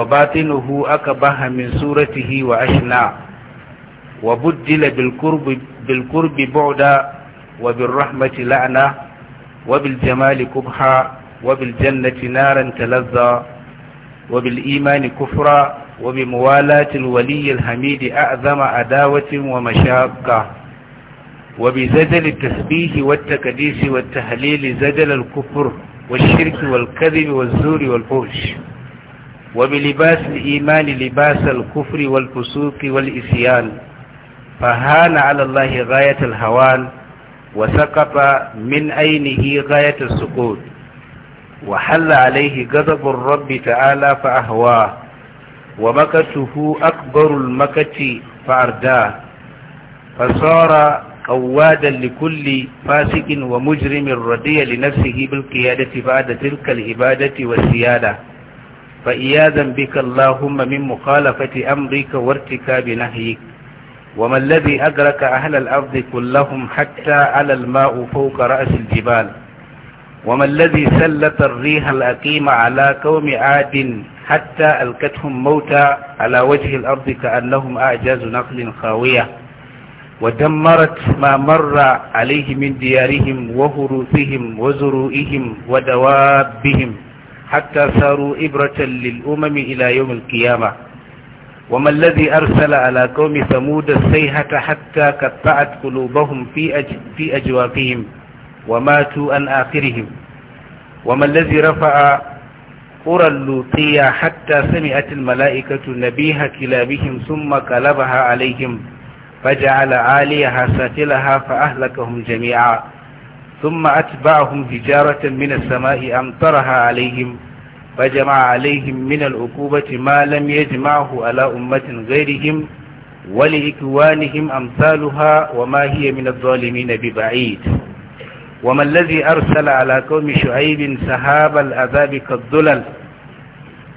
وباطنه أكبه من سورته وأشنع وبدل بالقرب, بالقرب بعدا وبالرحمة لعنة وبالجمال كبحا وبالجنة نارا تلظى وبالإيمان كفرا وبموالاة الولي الحميد أعظم عداوة ومشاقة وبزجل التسبيح والتكديس والتهليل زجل الكفر والشرك والكذب والزور والفوش وبلباس الإيمان لباس الكفر والفسوق والإسيان فهان على الله غاية الهوان وسقط من أينه غاية السقوط وحل عليه غضب الرب تعالى فأهواه ومكته أكبر المكت فأرداه فصار قوادا لكل فاسق ومجرم ردي لنفسه بالقيادة بعد تلك العبادة والسيادة فإياذا بك اللهم من مخالفة أمرك وارتكاب نهيك وما الذي أدرك أهل الأرض كلهم حتى على الماء فوق رأس الجبال وما الذي سلت الريح الأقيم على قوم عاد حتى ألكتهم موتى على وجه الأرض كأنهم أعجاز نخل خاوية ودمرت ما مر عليه من ديارهم وهروثهم وزروئهم ودوابهم حتى صاروا إبرة للأمم إلى يوم القيامة وما الذي أرسل على قوم ثمود السيحة حتى قطعت قلوبهم في, أج في أجوافهم وماتوا عن آخرهم وما الذي رفع قرى اللوطية حتى سمعت الملائكة نبيها كلابهم ثم قلبها عليهم فجعل عاليها ساتلها فأهلكهم جميعا ثم أتبعهم هجارة من السماء أمطرها عليهم فجمع عليهم من العقوبة ما لم يجمعه على أمة غيرهم ولإكوانهم أمثالها وما هي من الظالمين ببعيد وما الذي أرسل على قوم شعيب سحاب العذاب كالذلل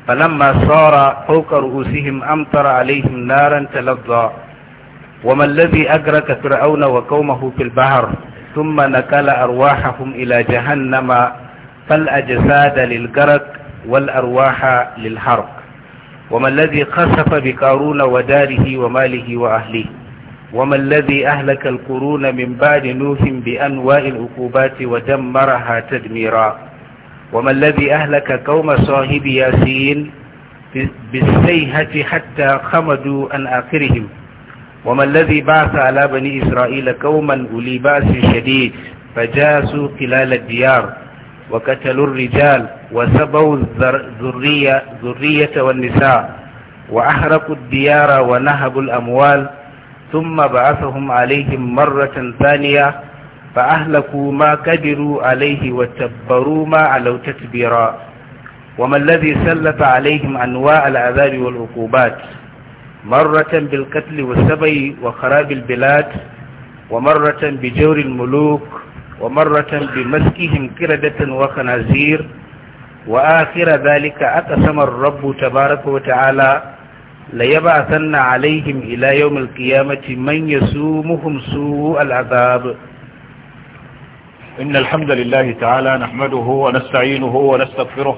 فلما صار فوق رؤوسهم أمطر عليهم نارا تلظى وما الذي أدرك فرعون وقومه في البحر ثم نقل أرواحهم إلى جهنم فالأجساد للقرق والأرواح للحرق وما الذي خسف بقارون وداره وماله وأهله وما الذي أهلك القرون من بعد نوح بأنواع العقوبات ودمرها تدميرا وما الذي أهلك قوم صاحب ياسين بالسيهة حتى خمدوا عن آخرهم وما الذي بعث على بني إسرائيل قوما أولي بأس شديد فجاسوا خلال الديار وقتلوا الرجال وسبوا الذرية ذرية والنساء وأحرقوا الديار ونهبوا الأموال ثم بعثهم عليهم مرة ثانية فأهلكوا ما كبروا عليه وتبروا ما علوا تتبيرا وما الذي سلط عليهم أنواع العذاب والعقوبات مرة بالقتل والسبي وخراب البلاد ومرة بجور الملوك ومرة بمسكهم كردة وخنازير وآخر ذلك أقسم الرب تبارك وتعالى ليبعثن عليهم إلى يوم القيامة من يسومهم سوء العذاب إن الحمد لله تعالى نحمده ونستعينه ونستغفره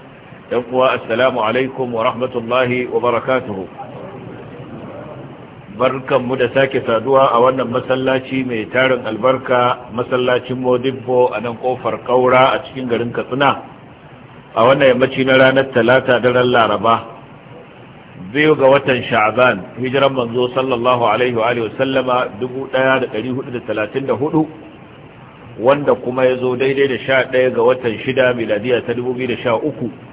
yan kuwa assalamu alaikum wa rahmatullahi wa barakatuhu barkanmu da sake saduwa a wannan masallaci mai tarin albarka masallacin modibbo a nan kofar kaura a cikin garin katsina a wannan yammaci na ranar talata daren laraba biyu ga watan sha'ban hijiran manzo sallallahu alaihi wa alihi wasallama 1434 wanda kuma ya zo daidai da 11 ga watan Shida, miladiya ta 2013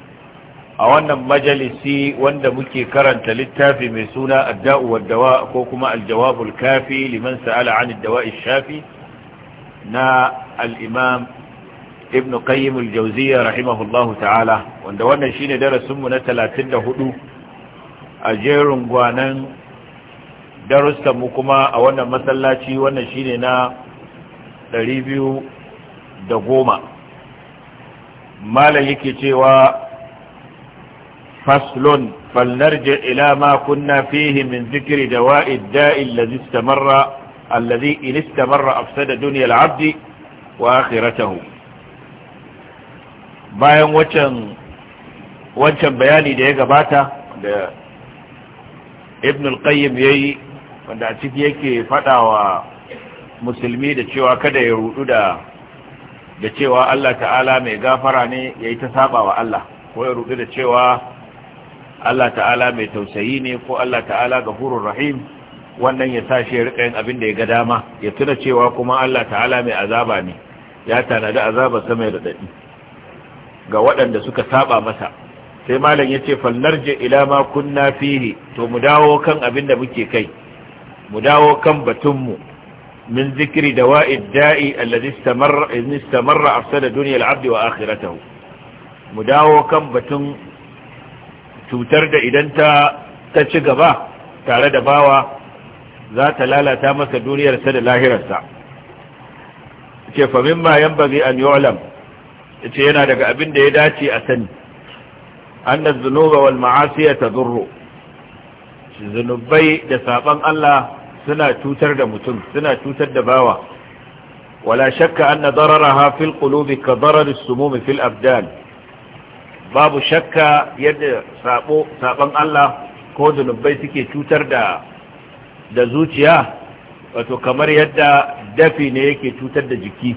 a wannan majalisi wanda muke karanta littafi mai suna adda'u waddawa ko kuma aljawabul kafi liman sa'ala an addawa'i shafi na al-imam ibn qayyim al-jawziyya rahimahullahu ta'ala wanda wannan shine darasin mu na 34 a jerin gwanan darussan mu kuma a wannan masallaci wannan shine na goma. malam yake cewa فصل فلنرجع إلى ما كنا فيه من ذكر دواء الداء الذي استمر الذي إن استمر أفسد دنيا العبد وآخرته bayan wancan bayani da ya gabata da ibn al-qayyim yayi wanda a ciki yake fadawa musulmi da cewa kada ya rudu da da cewa Allah ta'ala mai gafara ne yayi ta saba wa Allah ko ya rudu da cewa Allah ta'ala mai tausayi ne ko Allah ta'ala gafurur rahim wannan ya sa shi rika yin abin da ya ga dama ya tuna cewa kuma Allah ta'ala mai azaba ne ya tanadi azaba sama da dadi ga waɗanda suka saba masa sai malam ya ce fallarje ila ma kunna fihi to mu dawo kan abin da muke kai mu dawo kan batunmu min zikri dawa'id da'i alladhi istamarra istamarra afsada dunya al wa akhiratahu mu dawo kan batun cutar da idan ta ta ci gaba tare da bawa za ta lalata masa duniyarsa da lahirarsa ce fa mimma yanbaghi an yu'lam ce yana daga abin da ya dace a sani anna dhunuba wal ma'asiya tadurru zunubai da saban Allah suna cutar da mutum suna cutar da bawa wala shakka anna dararaha fil qulubi ka darar as-sumum fil abdan babu shakka yadda saɓon Allah ko zunubai suke cutar da da zuciya wato kamar yadda dafi ne yake cutar da jiki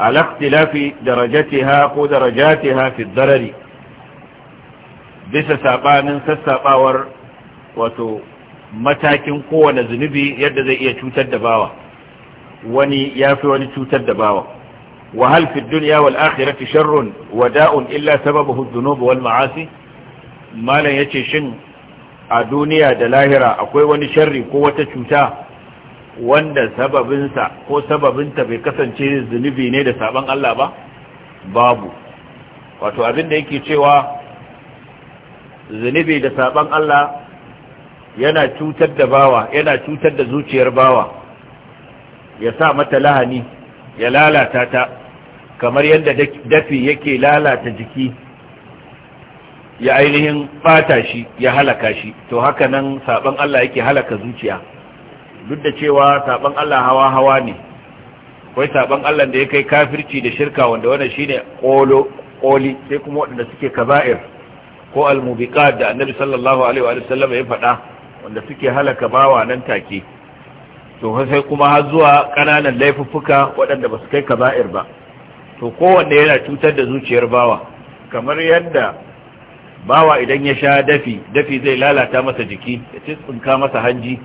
alaƙtilafi darajatiha ko darajatiha fi darari bisa saɓanin sassaɓawar wato matakin kowane zunubi yadda zai iya cutar da bawa wani ya fi wani cutar da bawa وهل في الدنيا والآخرة شر وداء إلا سببه الذنوب والمعاصي ما لا يتشن الدنيا دلاهرة أقوي ونشر قوة شمتا wanda sababinsa ko sababinta bai kasance zunubi ne da sabon Allah ba babu wato abin da yake cewa zunubi da sabon Allah yana cutar da bawa yana cutar da zuciyar bawa ya sa mata lahani ya lalata ta kamar yadda dafi yake lalata jiki ya ainihin bata shi ya halaka shi to haka nan saban Allah yake halaka zuciya duk da cewa saban Allah hawa hawa ne akwai saban Allah da ya kai kafirci da shirka wanda wannan shine qolo qoli sai kuma waɗanda suke kaba'ir ko almubiqat da annabi sallallahu alaihi wa sallam ya faɗa wanda suke halaka bawa nan take to sai kuma har zuwa ƙananan laifuffuka waɗanda ba su kai kaba'ir ba to kowanne yana cutar da zuciyar bawa kamar yadda bawa idan ya sha dafi dafi zai lalata masa jiki ya tsinka masa hanji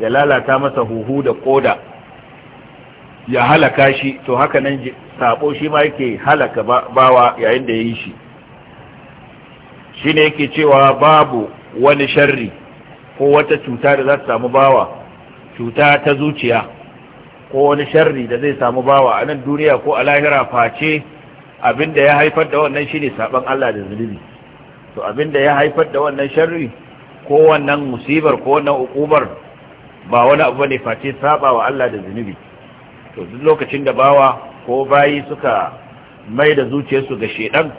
ya lalata masa huhu da koda ya halaka shi to haka nan sabo shi ma yake halaka bawa yayin da ya yi shi shi ne yake cewa babu wani sharri ko wata cuta da za ta samu bawa cuta ta zuciya ko wani sharri da zai samu bawa a nan duniya ko a lahira face da ya haifar da wannan shine saban Allah da zunubi to abin da ya haifar da wannan sharri ko wannan musibar ko wannan ukubar ba wani abu ne face saba wa Allah da zunubi to duk lokacin da bawa ko bayi suka mai da zuciyarsu ga shedan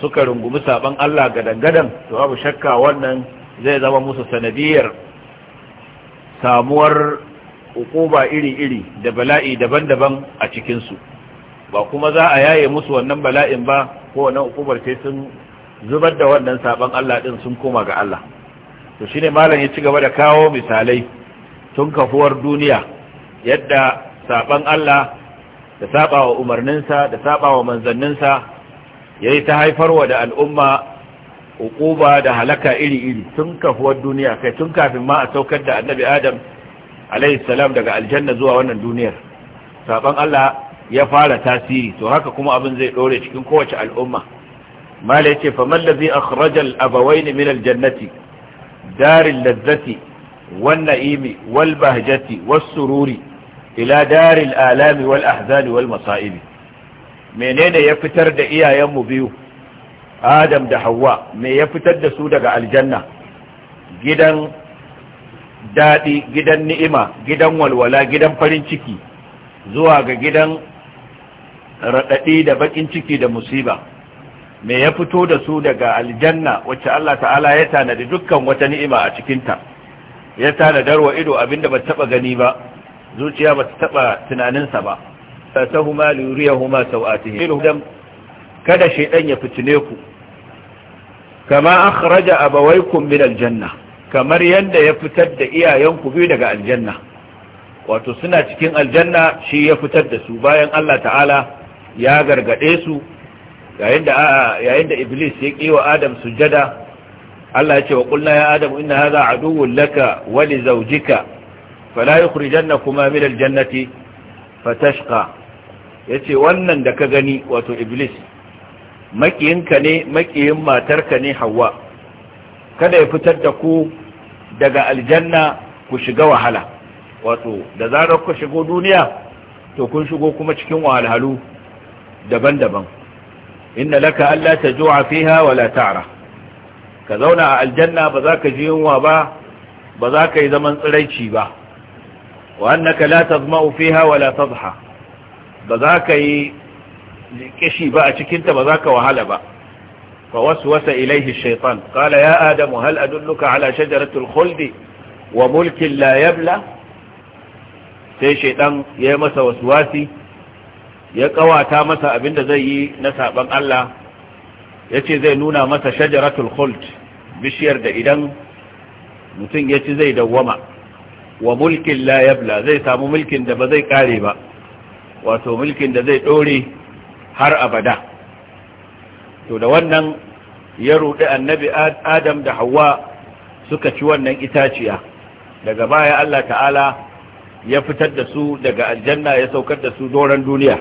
suka rungumi saban Allah gadan-gadan to abu shakka wannan zai zama musu sanadiyar samuwar ukuba iri-iri da bala'i daban-daban a cikinsu ba kuma za a yaye musu wannan bala'in ba ko wannan ukubar sai sun zubar da wannan saban Allah din sun koma ga Allah to shine malam ya ci gaba da kawo misalai tun kafuwar duniya yadda saban Allah da sabawa wa umarninsa da sabawa wa manzanninsa yayi ta haifarwa da al'umma ukuba da halaka iri-iri tun kafuwar duniya kai tun kafin ma a saukar da annabi Adam alaihi salam daga aljanna zuwa wannan duniyar saban Allah ya fara tasiri to haka kuma abin zai dore cikin kowace al'umma mala yace fa ladhi akhraja al-abawayn min al-jannati dar al-lazzati wan na'imi wal bahjati was sururi ila dar al-alami wal ahzani wal masa'ibi menene ya fitar da iyayen mu biyu Adam da Hawwa me ya fitar da su daga aljanna gidan daɗi gidan ni'ima gidan walwala gidan farin ciki zuwa ga gidan raɗaɗi da baƙin ciki da musiba me ya fito da su daga aljanna wacce Allah ta'ala ya tanadi dukkan wata ni'ima a cikinta ya tanadar wa ido abinda ba taɓa gani ba zuciya ba ta taɓa tunaninsa ba fatahuma liyuriyahuma sawatihi kada shaydan ya fitine ku kama akhraja abawaykum min aljanna kamar yadda ya fitar da iyayenku biyu daga aljanna wato suna cikin aljanna shi ya fitar da su bayan Allah ta'ala ya gargade su yayin da iblis ya kiwa adam sujada Allah ya ce wa ƙulna ya adam inna haza aduwwun laka wa li zawjika fala yukhrijannakuma min aljannati fatashqa yace wannan da ka gani wato iblis makiyinka ne makiyin matarka ne hawa kada ya fitar da ku daga aljanna ku shiga wahala wato da zarar ku shigo duniya to kun shigo kuma cikin wahalhalu daban-daban inna laka ta tajua fiha wala ta'ra ka zauna a aljanna ba za ka ji yunwa ba ba za ka yi zaman tsiraici ba wa annaka la tazma'u fiha wala tadha ba za ka yi kishi ba a cikinta ba za ka wahala ba فوسوس إليه الشيطان قال يا آدم هل أدلك على شجرة الخلد وملك لا يبلى sai shaidan ya yi masa wasuwasi ya kawata masa abinda zai yi na saban Allah ya ce zai nuna masa shajaratul khuld bishiyar da idan mutum ya ci zai dawwama wa mulkin la yabla zai samu mulkin da ba zai kare ba wato mulkin da zai dore har abada to da wannan ya rudi annabi adam da hawa suka ci wannan itaciya daga baya Allah ta'ala ya fitar da su daga aljanna ya saukar da su doron duniya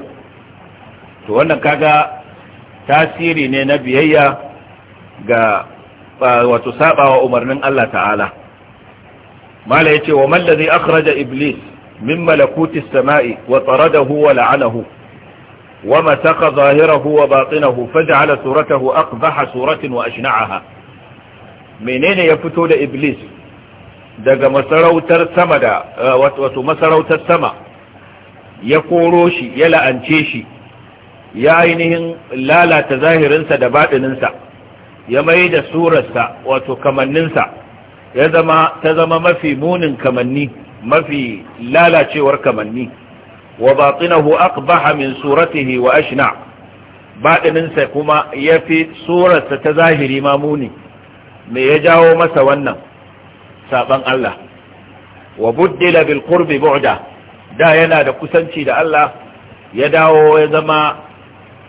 to wannan kaga tasiri ne na biyayya ga wato saɓawa umarnin Allah ta'ala mala yace wa mallazi ladhi akhraja iblis min malakuti samai wa taradahu wa la'anahu ومسخ ظاهره وباطنه فجعل صورته أقبح صورة وأشنعها منين يفتو لإبليس daga masarautar sama da wato masarautar sama ya koro shi ya la'ance shi ya ainihin lalata zahirinsa da baɗininsa ya mai da surarsa wato kamanninsa ya zama ta zama mafi munin kamanni mafi lalacewar kamanni wa batinahu aqbaha min suratihi wa ashna baɗininsa kuma ya fi surarsa ta zahiri ma muni me ya jawo masa wannan saban Allah wa buddila bil qurbi bu'da da yana da kusanci da Allah ya dawo ya zama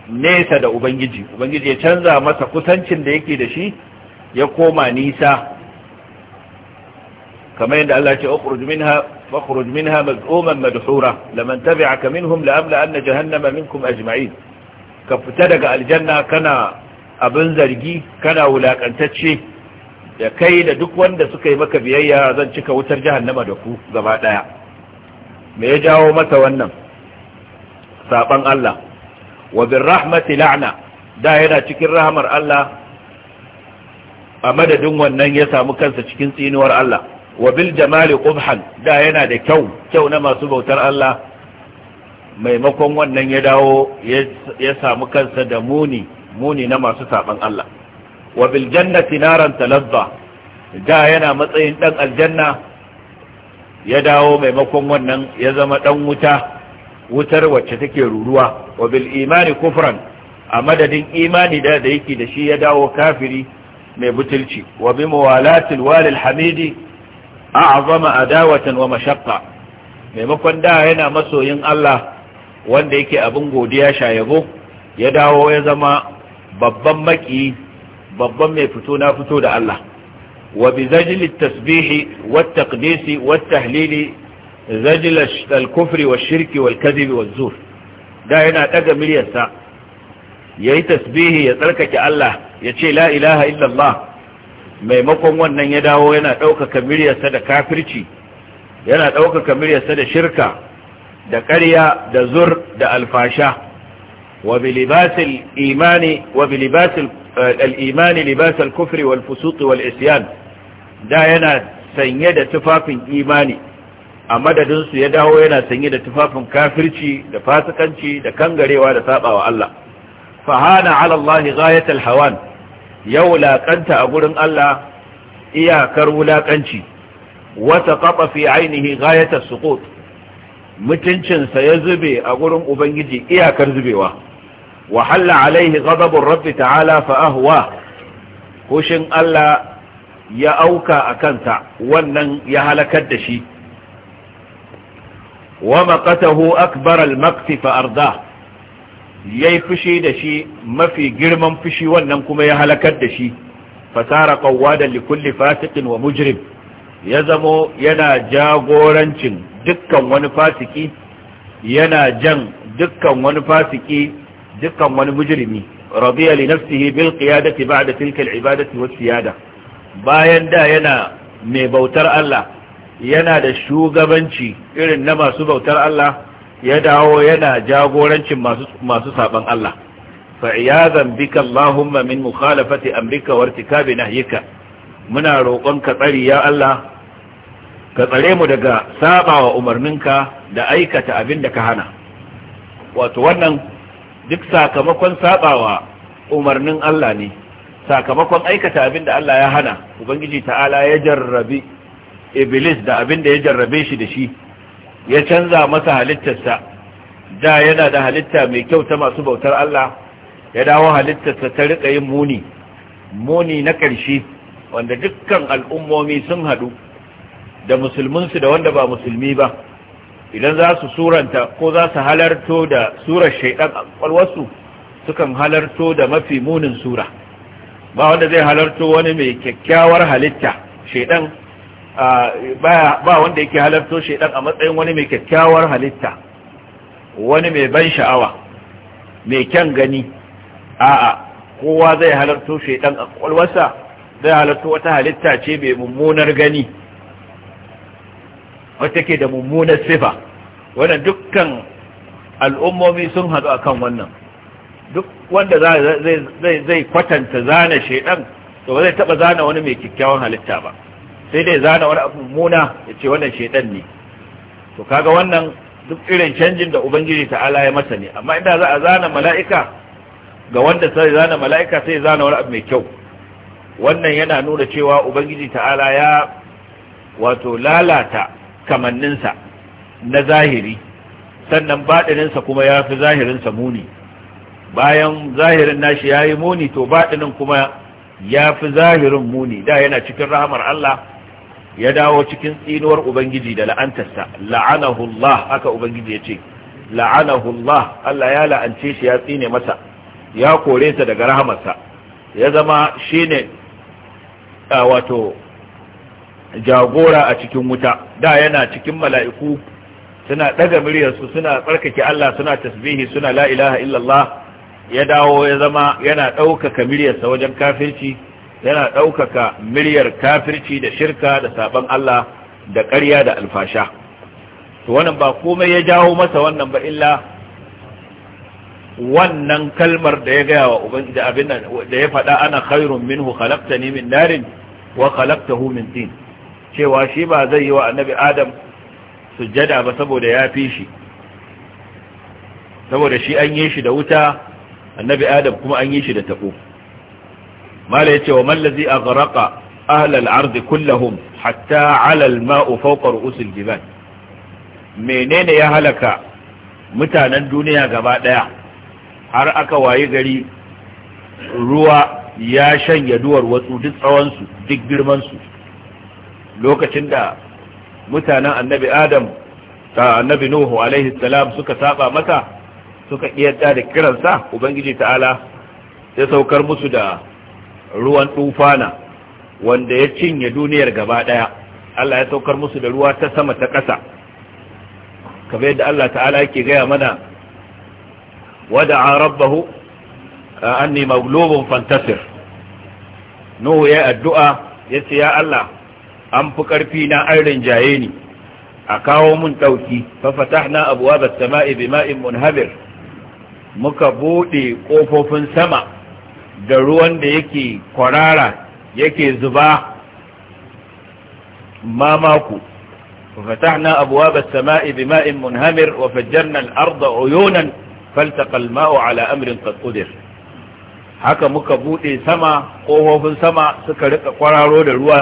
nesa da ubangiji ubangiji ya canza masa kusancin da yake da shi ya koma nisa kamar yadda Allah ce ukhruj minha fakhruj minha maz'uman madhura laman tabi'aka minhum la'amla anna jahannama minkum ajma'in ka fita daga aljanna kana abin zargi kana wulakantacce da kai da duk wanda suka yi maka biyayya zan cika wutar jahannama da ku gaba daya me ya jawo masa wannan saban Allah wa bir rahmati la'na da yana cikin rahmar Allah a madadin wannan ya samu kansa cikin tsinuwar Allah wa bil jamali qubhan da yana da kyau kyau na masu bautar Allah maimakon wannan ya dawo ya samu kansa da muni muni na masu saban Allah wa bil jannati naran talazza da yana matsayin dan aljanna ya dawo maimakon wannan ya zama dan wuta wutar wacce take ruruwa wa bil imani kufran a madadin imani da da yake da shi ya dawo kafiri mai butulci wa bi mawalatil walil hamidi a'zama adawatan wa mashaqqa maimakon da yana masoyin Allah wanda yake abin godiya shayabo ya dawo ya zama babban maki babban mai fito na fito da Allah wa bi zajli at-tasbih wa at-taqdis wa at-tahlil zajla al-kufr wa ash-shirk wa al-kadhib wa az-zur da yana daga miliyarsa yayi tasbihi ya tsarkake Allah ya ce la ilaha illallah maimakon wannan ya dawo yana ɗaukaka miryarsa da kafirci yana ɗaukaka miryarsa da shirka da ƙarya da zur da alfasha wa bilibasil imani wa bilibasil eh, al-imani libasal kufri wal fusuq wal isyan da yana sanye da tufafin imani a madadin su ya dawo yana sanye da tufafin kafirci da fasikanci da kangarewa da sabawa Allah fa hana ala ghayatul hawan yau wulaƙanta a gurin Allah iyakar wulaƙanci wata kaɓa fi ainihi gayatar suƙot mutuncinsa ya zube a gurin Ubangiji iyakar zubewa wahalla alaihi ghadabun rabbi ta'ala fa'ahuwa hushin Allah ya auka a kanta wannan ya halakar da shi wa maƙatahu akbar al-makti fa'arda ya yi fushi da shi mafi girman fushi wannan kuma ya halakar da shi fasara da likulli fasikin wa mujrim ya zamo yana jagorancin dukkan wani fasiki yana jan dukkan wani fasiki dukkan wani mujrimi radiya li nafsihi bil qiyadati ba'da tilka al ibadati was siyada bayan da yana mai bautar Allah yana da shugabanci irin na masu bautar Allah ya dawo yana jagorancin masu saban Allah fa'iyazan bika Allahumma min mukhalafati amrika wa irtikabi nahyika muna roƙon ka tsari ya Allah ka tsare mu daga sabawa umarninka da aikata abin da ka hana wato wannan duk sakamakon sabawa umarnin Allah ne sakamakon aikata abin da Allah ya hana ubangiji ta'ala ya jarrabi iblis da abin da ya jarrabe shi da shi ya canza masa halittarsa da yana da halitta mai kyau ta masu bautar Allah ya dawo halittarsa ta riƙa yin muni muni na ƙarshe wanda dukkan al'ummomi sun haɗu da musulminsu da wanda ba musulmi ba idan za su suranta ko za su halarto da surar shaidan kwalwarsu sukan halarto da mafi munin sura ba wanda zai halarto wani mai kyakkyawar halitta shaidan ba wanda yake halarto shaidan a matsayin wani mai kyakkyawar halitta wani mai ban sha'awa mai kyan gani a'a kowa zai halarto shaidan a kwalwarsa zai halarto wata halitta ce mai mummunar gani wata ke da mummunar sifa wannan dukkan al'ummomi sun hadu akan wannan duk wanda zai kwatanta zana shaidan to ba zai taba zana wani mai kyakkyawar halitta ba sai dai zana wani abu muna ya ce wannan shaidan ne to kaga wannan duk irin canjin da ubangiji ta'ala ya masa ne amma inda za a zana mala'ika ga wanda sai zana mala'ika sai zana wani abu mai kyau wannan yana nuna cewa ubangiji ta'ala ya wato lalata kamanninsa na zahiri sannan baɗininsa kuma ya fi zahirinsa muni bayan zahirin nashi ya yi muni to baɗinin kuma ya fi zahirin muni da yana cikin rahamar Allah ya dawo cikin tsinuwar ubangiji da la'antarsa la'anahu Allah haka ubangiji ya ce la'anahu Allah Allah ya la'ance shi ya tsine masa ya kore sa daga rahamarsa ya zama ne wato jagora a cikin wuta da yana cikin mala'iku suna daga muryarsu suna tsarkake Allah suna tasbihi suna la ilaha illallah ya dawo ya zama yana ɗaukaka muryarsa wajen kafirci yana ɗaukaka miryar kafirci da shirka da saban Allah da ƙarya da alfasha to wannan ba komai ya jawo masa wannan ba illa wannan kalmar da ya gaya wa ubangiji abin da ya faɗa ana khairun minhu khalaqtani min narin wa khalaqtahu min tin cewa shi ba zai yi wa annabi adam sujjada ba saboda ya fi shi saboda shi an yi shi da wuta annabi adam kuma an yi shi da taɓo mala yace wa mallazi aghraqa ahla al-ard kullahum hatta 'ala al-ma'u fawqa ru'us menene ya halaka mutanen duniya gaba ɗaya har aka wayi gari ruwa ya shanya duwar wasu duk tsawon su duk girman su lokacin da mutanen annabi adam ta annabi nuhu alaihi salam suka saba mata suka iya da kiransa ubangiji ta'ala ya saukar musu da ruwan tufana wanda ya cinye duniyar gaba daya Allah ya saukar musu da ruwa ta sama ta ƙasa kamar yadda Allah ta'ala yake gaya mana a rabbahu anni maglubun fantasir nuhu ya addu'a ya ce ya Allah an fi ƙarfi na an rinjaye ni a kawo mun ɗauki fafatahna abuwa ba sama'i bi munhabir muka buɗe ƙofofin sama da ruwan da yake kwarara yake zuba mamaku وفتحنا أبواب السماء بماء منهمر وفجرنا الأرض عيونا فالتقى الماء على أمر قد قدر haka muka buɗe sama ƙofofin sama suka rika kwararo da ruwa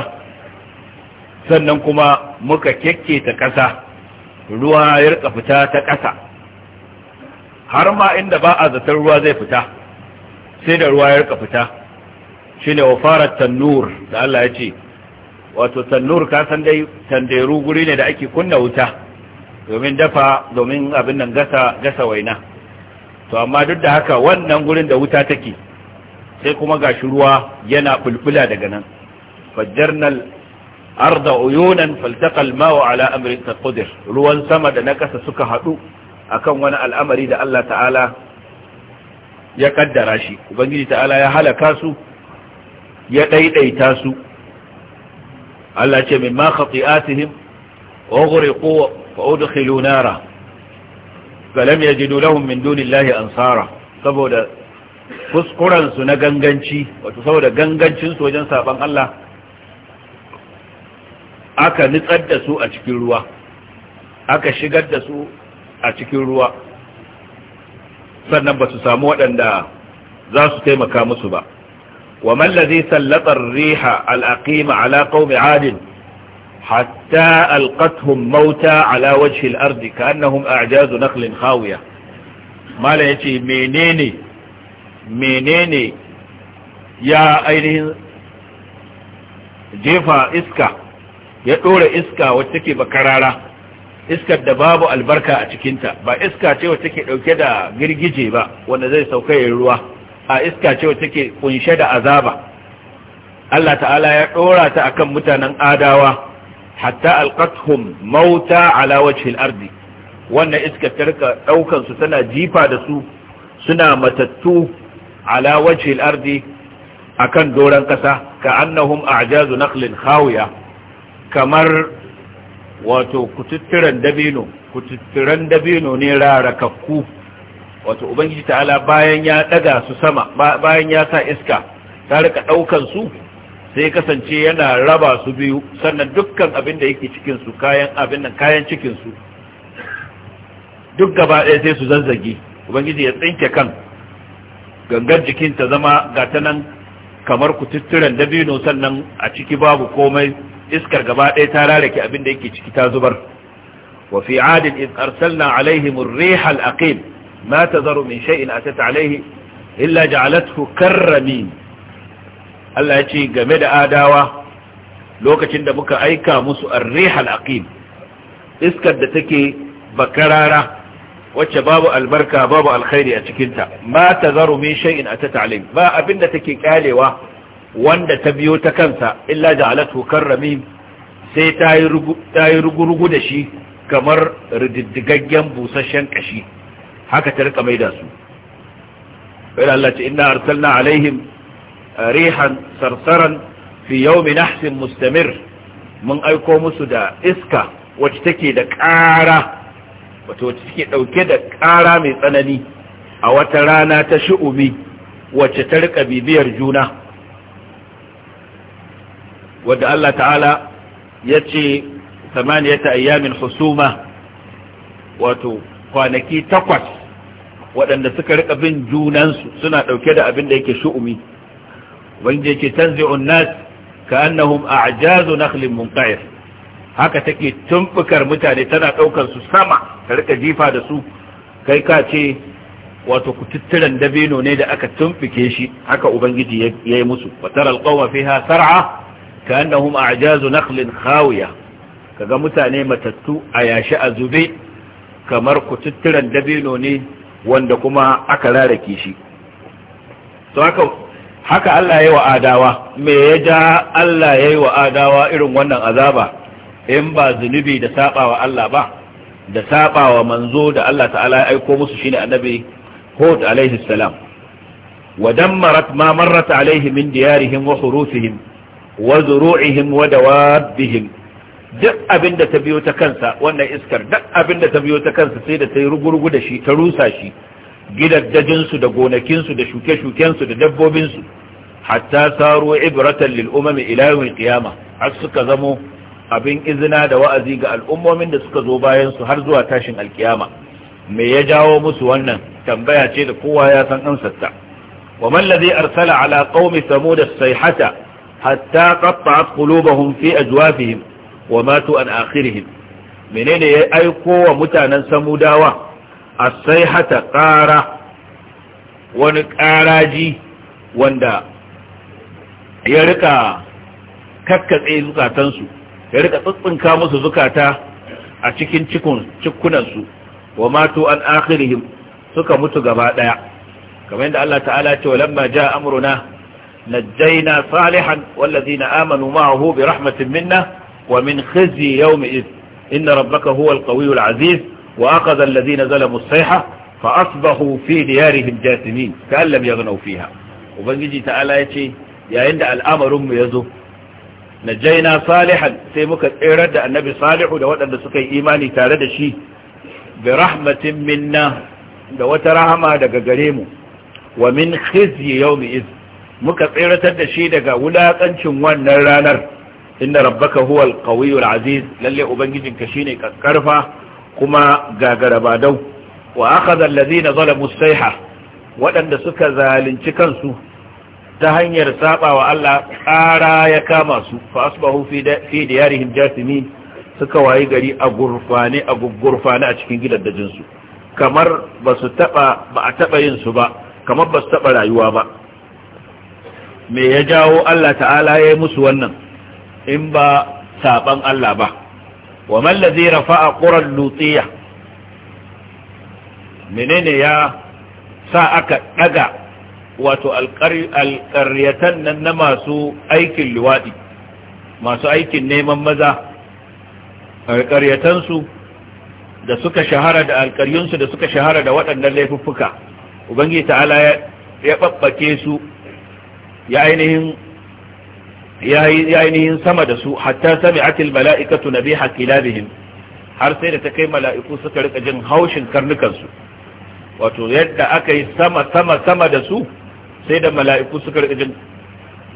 sannan kuma muka kyakke ta ƙasa ruwa ya rika fita ta ƙasa har ma inda ba a zaton ruwa zai fita sai da ruwa ya rika fita shine wa fara tannur da Allah ya ce wato tannur ka san dai tanderu guri ne da ake kunna wuta domin dafa domin abin nan gasa gasa waina to amma duk da haka wannan gurin da wuta take sai kuma shi ruwa yana bulbula daga nan fajjarnal arda uyunan faltaqa alma'u ala amrin taqdir ruwan sama da na kasa suka hadu akan wani al'amari da Allah ta'ala ya kaddara shi ubangiji ta'ala ya halaka su ya daidaita su Allah ce min ma khati'atihim ughriqu wa udkhilu nara falam yajidu lahum min dunillahi ansara saboda kuskuran su na ganganci wato saboda gangancin su wajen saban Allah aka nitsar da su a cikin ruwa aka shigar da su a cikin ruwa sannan ba su samu waɗanda za su taimaka musu ba wa mallazi sallatar riha alaƙima ala qaumi adin hatta alqathum mauta ala wajhi al-ardi ka'annahum a'jazu naklin khawiya mala yace menene menene ya ainihin jefa iska ya ɗora iska wacce take bakarara iskar da babu albarka a cikinta ba iska ce take dauke da girgije ba wanda zai sauka yayin ruwa a iska ce take kunshe da azaba Allah ta'ala ya dora ta akan mutanen adawa hatta alqathum mauta ala wajhi al-ardi wannan iska ta rika daukan su tana jifa da su suna matattu ala wajhi al-ardi akan doran kasa ka annahum a'jazu naqlin khawiya kamar wato kututturan dabino kututturan dabino ne rarakakku wato ubangiji ta'ala bayan ya daga su sama bayan ya sa iska ta rika daukan su sai kasance yana raba su biyu sannan dukkan abin da yake cikin su kayan abin nan kayan cikin su duk gaba ɗaya sai su zazzage ubangiji ya tsinke kan gangar jikin ta zama ta nan kamar kututturan dabino sannan a ciki babu komai iskar gaba ɗaya ta rarake abin da yake ciki ta zubar wa fi adin in arsalna alaihim ar al-aqim ma tazaru min shay'in atat alaihi illa ja'alathu karramin Allah ya ce game da adawa lokacin da muka aika musu ar al-aqim iskar da take bakarara wacce babu albarka babu alkhairi a cikinta ma tazaru min shay'in atat alaihi ba abin da take kyalewa wanda ta biyo ta kansa illa ja'alatu karramim sai ta yi rugurugu da shi kamar rididdigaggen busasshen kashi haka ta rika maida su bayan Allah ce inna arsalna alaihim rihan sarsaran fi yawmi minahsin mustamir mun aiko musu da iska wacce take da ƙara wato wacce take ɗauke da ƙara mai tsanani a wata rana ta shu'umi wacce ta rika bibiyar juna wadda Allah ta'ala ya ce samaniyata ayyamin husuma wato kwanaki takwas waɗanda suka rika bin junansu suna ɗauke da abin da yake shu'umi wanda yake tanzi'un nas ka annahum a'jazu nakhlin munqa'ir haka take tumfukar mutane tana ɗaukar su sama ta rika jifa da su kai ka ce wato kututturan dabino ne da aka tumfuke shi haka ubangiji ya yi musu wa tara alqawma fiha sar'a ka annahum a'jazu nakhlin khawiya kaga mutane matattu a yashi a zube kamar kututturan dabino ne wanda kuma aka rara kishi. haka haka Allah yayi wa adawa me ya ja Allah yayi wa adawa irin wannan azaba in ba zunubi da sabawa Allah ba da sabawa manzo da Allah ta'ala ya aiko musu shine annabi Hud alaihi salam ودمرت ما مرت عليه من ديارهم وخروفهم wa zuru'ihim wa dawabbihim duk abin da ta biyo ta kansa wannan iskar duk abin da ta biyo ta kansa sai da ta yi rugurgu da shi ta rusa shi gidaddajinsu da gonakinsu da shuke-shukensu da dabbobinsu hatta saro ibratan lil umami ila yawmil qiyama har suka zamo abin izina da wa'azi ga al'ummomin da suka zo bayan su har zuwa tashin alkiyama me ya jawo musu wannan tambaya ce da kowa ya san ta. wa man ladhi arsala ala qaumi samud as-sayhata hatta qatta'at qulubahum fi ajwafihim wa matu an akhirihim menene ya aiko wa mutanen samudawa as-sayhata qara wani ƙaraji wanda ya rika kakkatse zukatansu ya rika tsintsinka musu zukata a cikin cikunansu wa matu an akhirihim suka mutu gaba daya kamar yadda Allah ta'ala ce wa lamma ja amruna نجينا صالحا والذين آمنوا معه برحمة منا ومن خزي يومئذ إن ربك هو القوي العزيز وأخذ الذين ظلموا الصيحة فأصبحوا في ديارهم جاثمين كأن لم يغنوا فيها وبنجي تعالى يتي يا عند الأمر أم يزو نجينا صالحا سيمك إرد النبي صالح لو أن سكي إيماني تارد شيء برحمة منا لو ترحمها دقا قريم ومن خزي يومئذ muka tseratar da shi daga wulaƙancin wannan ranar inna rabbaka huwal qawiyul aziz lalle ubangijinka shine kakkarfa kuma gagarabadau wa akhadha alladhina zalamu sayha wadanda suka zalunci kansu ta hanyar sabawa Allah ƙara ya kama su fa asbahu fi diyarihim jasimin suka wayi gari a gurfane a gurfane a cikin gidaddajin su kamar ba su taba ba a taba yin su ba kamar ba su taba rayuwa ba me ya jawo Allah ta'ala ya yi musu wannan in ba saɓan Allah ba wa mallazi rafa'a quran lutiya menene ya sa aka ɗaga wato alƙaryatan nan na masu aikin luwaɗi masu aikin neman maza alƙaryatansu da suka shahara da alƙaryunsu da suka shahara da waɗannan laifuffuka ubangi ta'ala ya ɓaɓɓake su ya ainihin sama da su hatta sami atil mala'ikatu na nabiha kilabihim har sai da ta kai mala'iku suka rika jin haushin karnukansu wato yadda aka yi sama sama sama da su sai da mala'iku suka rika jin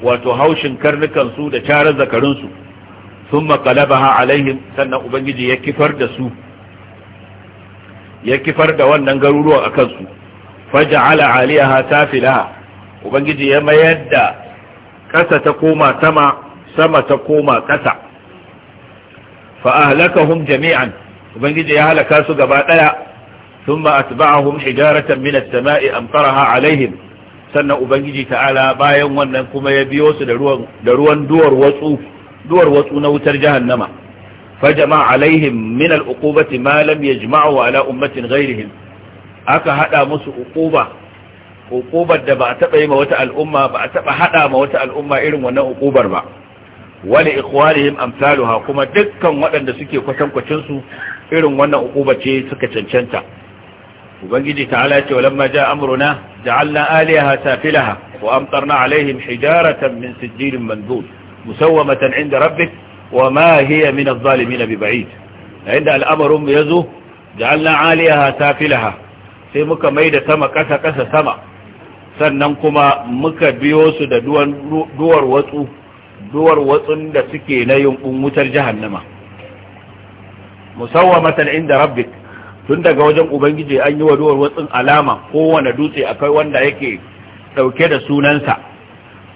wato haushin karnukansu da carar zakarunsu, sun makalabaha alaihim sannan ubangiji ya kifar da su ya kifar da wannan garuruwa a kansu faja ala aliyaha tafilaha ubangiji ya mayar da ƙasa ta koma sama sama ta koma ƙasa fa hum jami'an ubangiji ya halaka su gaba daya thumma atba'ahum hijaratan min as-sama'i amtaraha alaihim sannan ubangiji ta'ala bayan wannan kuma ya biyo su da ruwan da duwar watsu na wutar jahannama fa jama'a alaihim min al-uqubati ma lam yajma'u ala ummatin ghayrihim aka hada musu ukuba. hukubar da ba a taɓa yi ma wata al'umma ba a taɓa haɗa ma wata al'umma irin wannan hukubar ba wani ikwarihim amsaluha kuma dukkan waɗanda suke kwatankwacin su irin wannan hukuba ce suka cancanta ubangiji ta'ala ce walamma ja amruna ja'alna aliyaha filaha wa amtarna alaihim hijaratan min sijilin manzul musawwamatan inda rabbik wa ma hiya min adh-dhalimin biba'id inda al'amarin yazo ja'alna aliyaha filaha sai muka maida sama kasa kasa sama sannan kuma muka biyo su da duwar watsu duwar watsun da suke na yunkun wutar jahannama musawwamatan inda rabbik tun daga wajen ubangiji an yi wa duwar watsun alama kowane dutse akwai wanda yake dauke da sunansa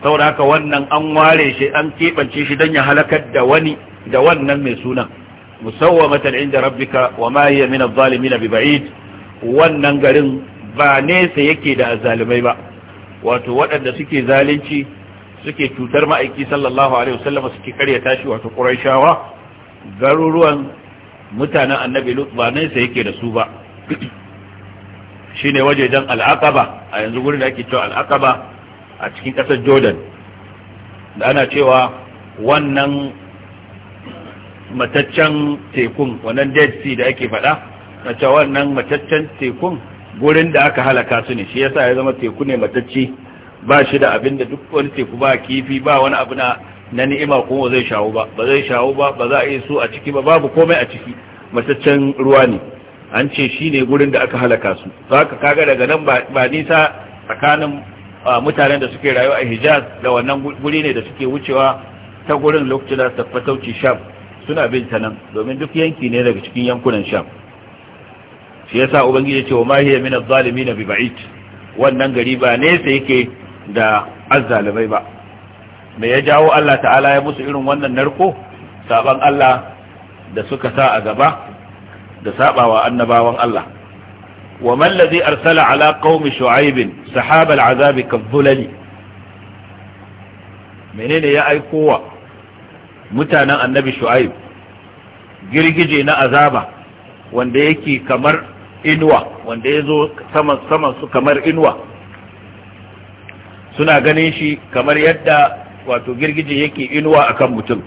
saboda haka wannan an ware shi an keɓance shi don ya halakar da wani da wannan mai sunan musawwamatan inda rabbika wa ma hiya min adh-dhalimin bi ba'id wannan garin ba nesa yake da azalimai ba wato waɗanda suke zalunci suke cutar ma'aiki sallallahu alaihi wasallam suke karya tashi, wato quraishawa garuruwan mutanen annabi lut ba nan sai yake da su ba shine al al'aqaba a yanzu gurin da ake cewa al'aqaba a cikin kasar jordan da ana cewa wannan mataccen tekun wannan dead sea da ake faɗa na cewa wannan mataccen tekun gurin da aka halaka su ne shi yasa ya zama teku ne matacci ba shi da abin da duk wani teku ba kifi ba wani abu na na ni'ima kuma zai shawo ba ba zai shawo ba ba za a yi su a ciki ba babu komai a ciki mataccen ruwa ne an ce shi ne gurin da aka halaka su haka kaga daga nan ba nisa tsakanin ah, mutanen da suke rayuwa a hijaz da wannan guri ne da suke wucewa ta gurin lokacin da ta sham suna bin ta nan domin duk yanki ne daga cikin yankunan sham shi yasa ubangiji ce wa mahiya min az-zalimin bi ba'id wannan gari ba nesa yake da azzalimai ba me ya jawo Allah ta'ala ya musu irin wannan narko saban Allah da suka sa a gaba da sabawa annabawan Allah wa man ladhi arsala ala qaumi shu'aib sahaba al kadhulali menene ya aikowa mutanen annabi shu'aib girgije na azaba wanda yake kamar inuwa wanda ya zo saman su kamar inuwa suna ganin shi kamar yadda wato girgije yake inuwa akan mutum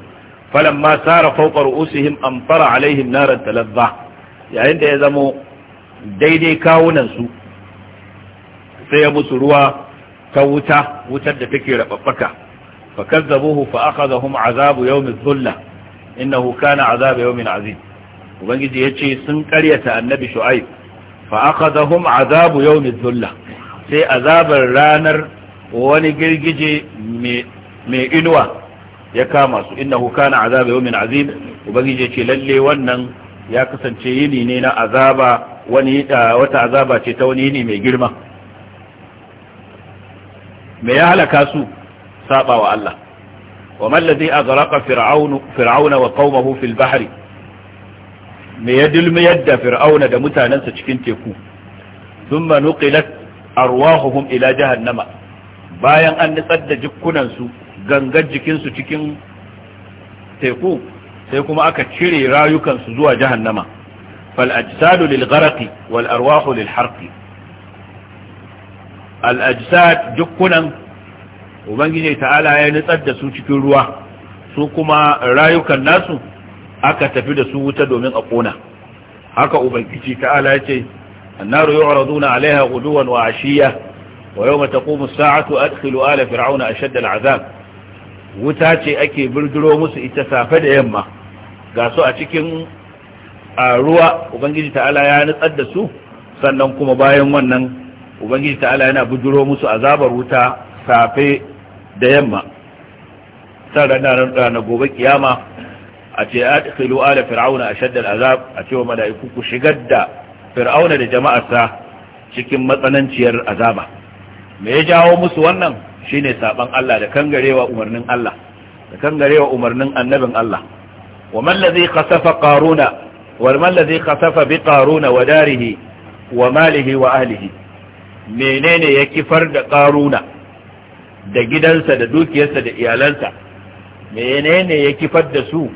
falan ma sara fauka ru'usihim amfara alaihim naran talazza yayin da ya zamo daidai kawunan su sai ya musu ruwa ta wuta wutar da take rababbaka fakazzabuhu fa akhadhahum azabu yawm adh-dhulla innahu kana azab yawmin azim ubangiji ce sun karyata annabi shu'aib fa akhadhahum azabu yawm dhulla sai azabar ranar wani girgije mai inuwa ya kama su innahu kana azaba yawmin azim ubangiji ce lalle wannan ya kasance yini ne na azaba wani wata azaba ce ta wani yini mai girma me ya halaka su saba wa Allah wa man a aghraqa fir'auna wa qaumahu fil bahari me ya dulmiyar da fir'auna da mutanensa cikin teku thumma nuqilat arwahuhum ila jahannama bayan an nutsar da jikkunansu gangar jikinsu cikin teku sai kuma aka cire rayukansu zuwa jahannama fal ajsadu lil gharqi wal arwahu lil harqi al ajsad jikunan ubangiji ta'ala ya nitsar da su cikin ruwa su kuma rayukan nasu aka tafi da su wuta domin a kona haka ubangiji ta'ala ya ce annaru yu'raduna 'alayha ghuduwan wa ashiya wa yawma taqumu as-sa'atu adkhilu ala fir'auna ashadda al-'adhab wuta ce ake birdiro musu ita safe da yamma ga su a cikin ruwa ubangiji ta'ala ya nutsar da su sannan kuma bayan wannan ubangiji ta'ala yana bujuro musu azabar wuta safe da yamma sannan ranar gobe kiyama a ce ya adkhilu da fir'auna a ashadda azab, a ce wa mala'iku ku shigar da fir'auna da jama'arsa cikin matsananciyar azaba me ya jawo musu wannan shine saban Allah da kangarewa umarnin Allah da kangarewa umarnin annabin Allah wa man ladhi qasafa qaruna wa man ladhi qasafa bi qaruna wa darihi wa malihi wa ahlihi menene ya kifar da qaruna da gidansa da dukiyarsa da iyalansa menene ya kifar da su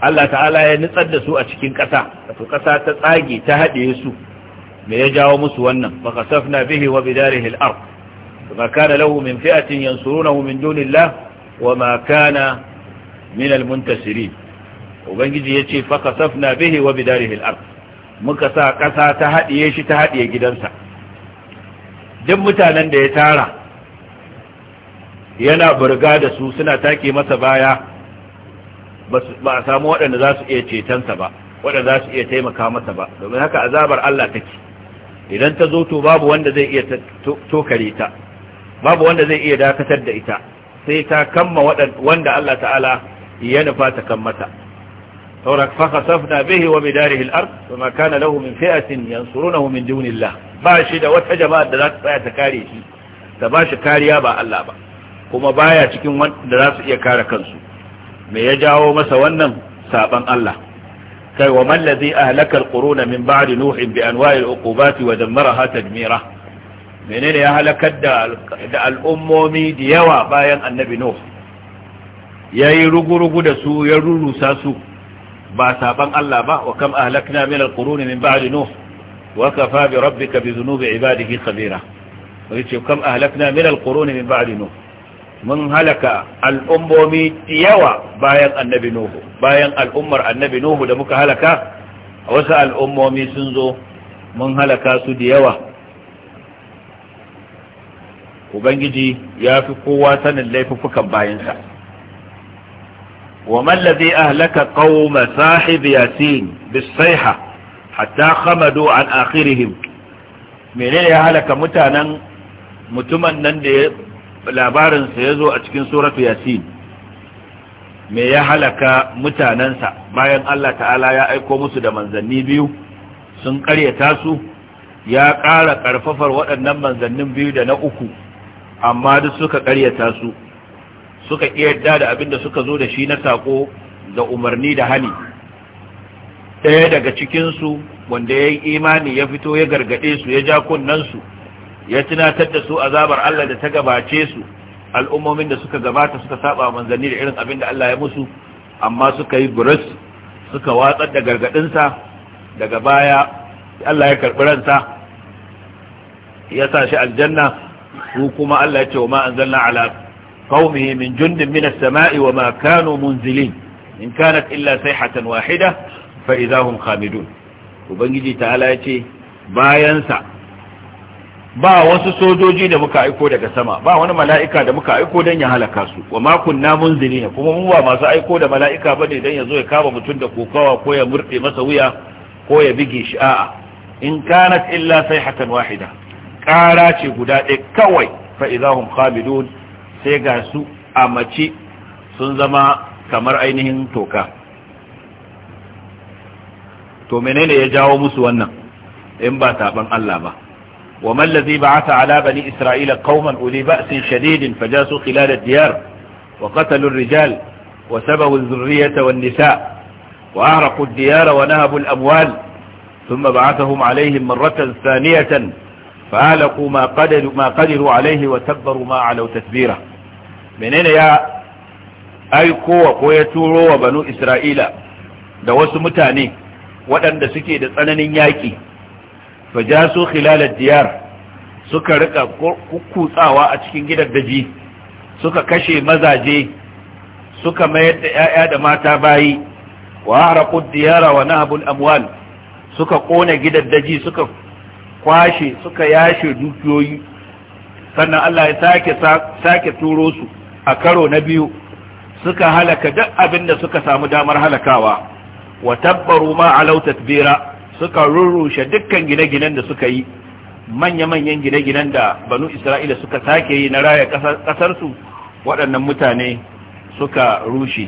Allah ta'ala ya nutsar da su a cikin ƙasa wato ƙasa ta tsage ta haɗe su me ya jawo musu wannan fa kasafna bihi wa bidarihi al-ard fa kana lahu min fi'atin yansurunahu min dunillah wa ma kana min al-muntasirin ubangiji yace fa kasafna bihi wa bidarihi al-ard muka sa ƙasa ta haɗiye shi ta haɗiye gidansa duk mutanen da ya tara yana burga da su suna take masa baya ba a samu waɗanda za su iya cetonsa ba waɗanda za su iya taimaka masa ba domin haka azabar Allah take idan ta zo to babu wanda zai iya tokare ta babu wanda zai iya dakatar da ita sai ta kamma wanda Allah ta'ala ya nufa ta kammata saurak fakasafna bihi wa bidarihi al-ard wa ma kana lahu min fi'atin yansurunahu min dunillah ba shi da wata jama'a da za ta tsaya ta kare shi ta ba shi kariya ba Allah ba kuma baya cikin wanda za su iya kare kansu me ya jawo masa wannan saban Allah kai wa man ladhi ahlaka alquruna min ba'di nuh bi anwa'i al'uqubati wa dammaraha tadmira menene ya halakar da da al'ummomi da yawa bayan annabi nuh yayi rugurugu da su ya rurusa su ba saban Allah ba wa kam ahlakna min alquruni min ba'di nuh wa kafa bi rabbika bi dhunubi ibadihi khabira yace kam ahlakna min alquruni min ba'di nuh mun halaka al'ummomi yawa bayan annabi nuhu bayan al'ummar annabi nuhu da muka halaka wasu al'ummomi sun zo mun halaka su da yawa ubangiji ya fi kowa sanin laifuffukan bayansa wa mallazi ahlaka qauma sahib yasin bisaiha hatta khamadu an akhirihim menene ya halaka mutanen mutumin nan da ya labarinsa ya zo a cikin suratu yasin me ya halaka mutanensa bayan Allah ta'ala ya aiko musu da manzanni biyu sun karyata su ya ƙara ƙarfafar waɗannan manzannin biyu da na uku amma duk suka karyata su suka ƙiyarda da abin da suka zo da shi na saƙo da umarni da hani ɗaya daga cikinsu wanda ya yi imani ya fito ya gargaɗe su ya ja kunnensu su ya tunatar da su azabar Allah da ta gabace su al'ummomin da suka gabata suka saba manzanni da irin abin da Allah ya musu amma suka yi buris suka watsar da gargadinsa daga baya Allah ya karɓi ransa ya sa shi aljanna su kuma Allah ya ce wa ma ala qaumihi min jundin min as-sama'i wa ma kanu munzilin in kanat illa sayhatan wahida fa idahum khamidun ubangiji ta'ala ya ce bayansa ba wasu sojoji da muka aiko daga sama ba wani mala'ika da muka aiko don ya halaka su wa ma kunna munzirin kuma mu ba masu aiko da mala'ika bane don ya zo ya kama mutum da kokawa ko ya murɗe masa wuya ko ya bige shi a'a in kanat illa sayhatan wahida ƙara ce guda ɗaya kawai fa idahum khamidun sai ga su a mace sun zama kamar ainihin toka to menene ya jawo musu wannan in ba saban Allah ba وما الذي بعث على بني إسرائيل قوما أولي بأس شديد فجاسوا خلال الديار وقتلوا الرجال وسبوا الذرية والنساء وأعرقوا الديار ونهبوا الأموال ثم بعثهم عليهم مرة ثانية فألقوا ما قدروا, ما قدروا عليه وتبروا ما علوا من منين يا أيكو وقويتورو وبنو إسرائيل دوسمتاني wasu mutane waɗanda suke fajasu khilalar diyar suka rika kukutsawa a cikin gidan daji suka kashe mazaje suka mayar da 'ya'ya da mata bayi wa haraku diyara wa nahabul amwal suka kona gidan daji suka kwashe suka yashe dukiyoyi sannan Allah ya sake sake turo su a karo na biyu suka halaka duk abin da suka samu damar halakawa wa tabbaru ma alau tatbira suka rurrushe dukkan gine-ginen da suka yi manya-manyan gine-ginen da banu isra'ila suka sake yi na raya kasarsu waɗannan mutane suka rushe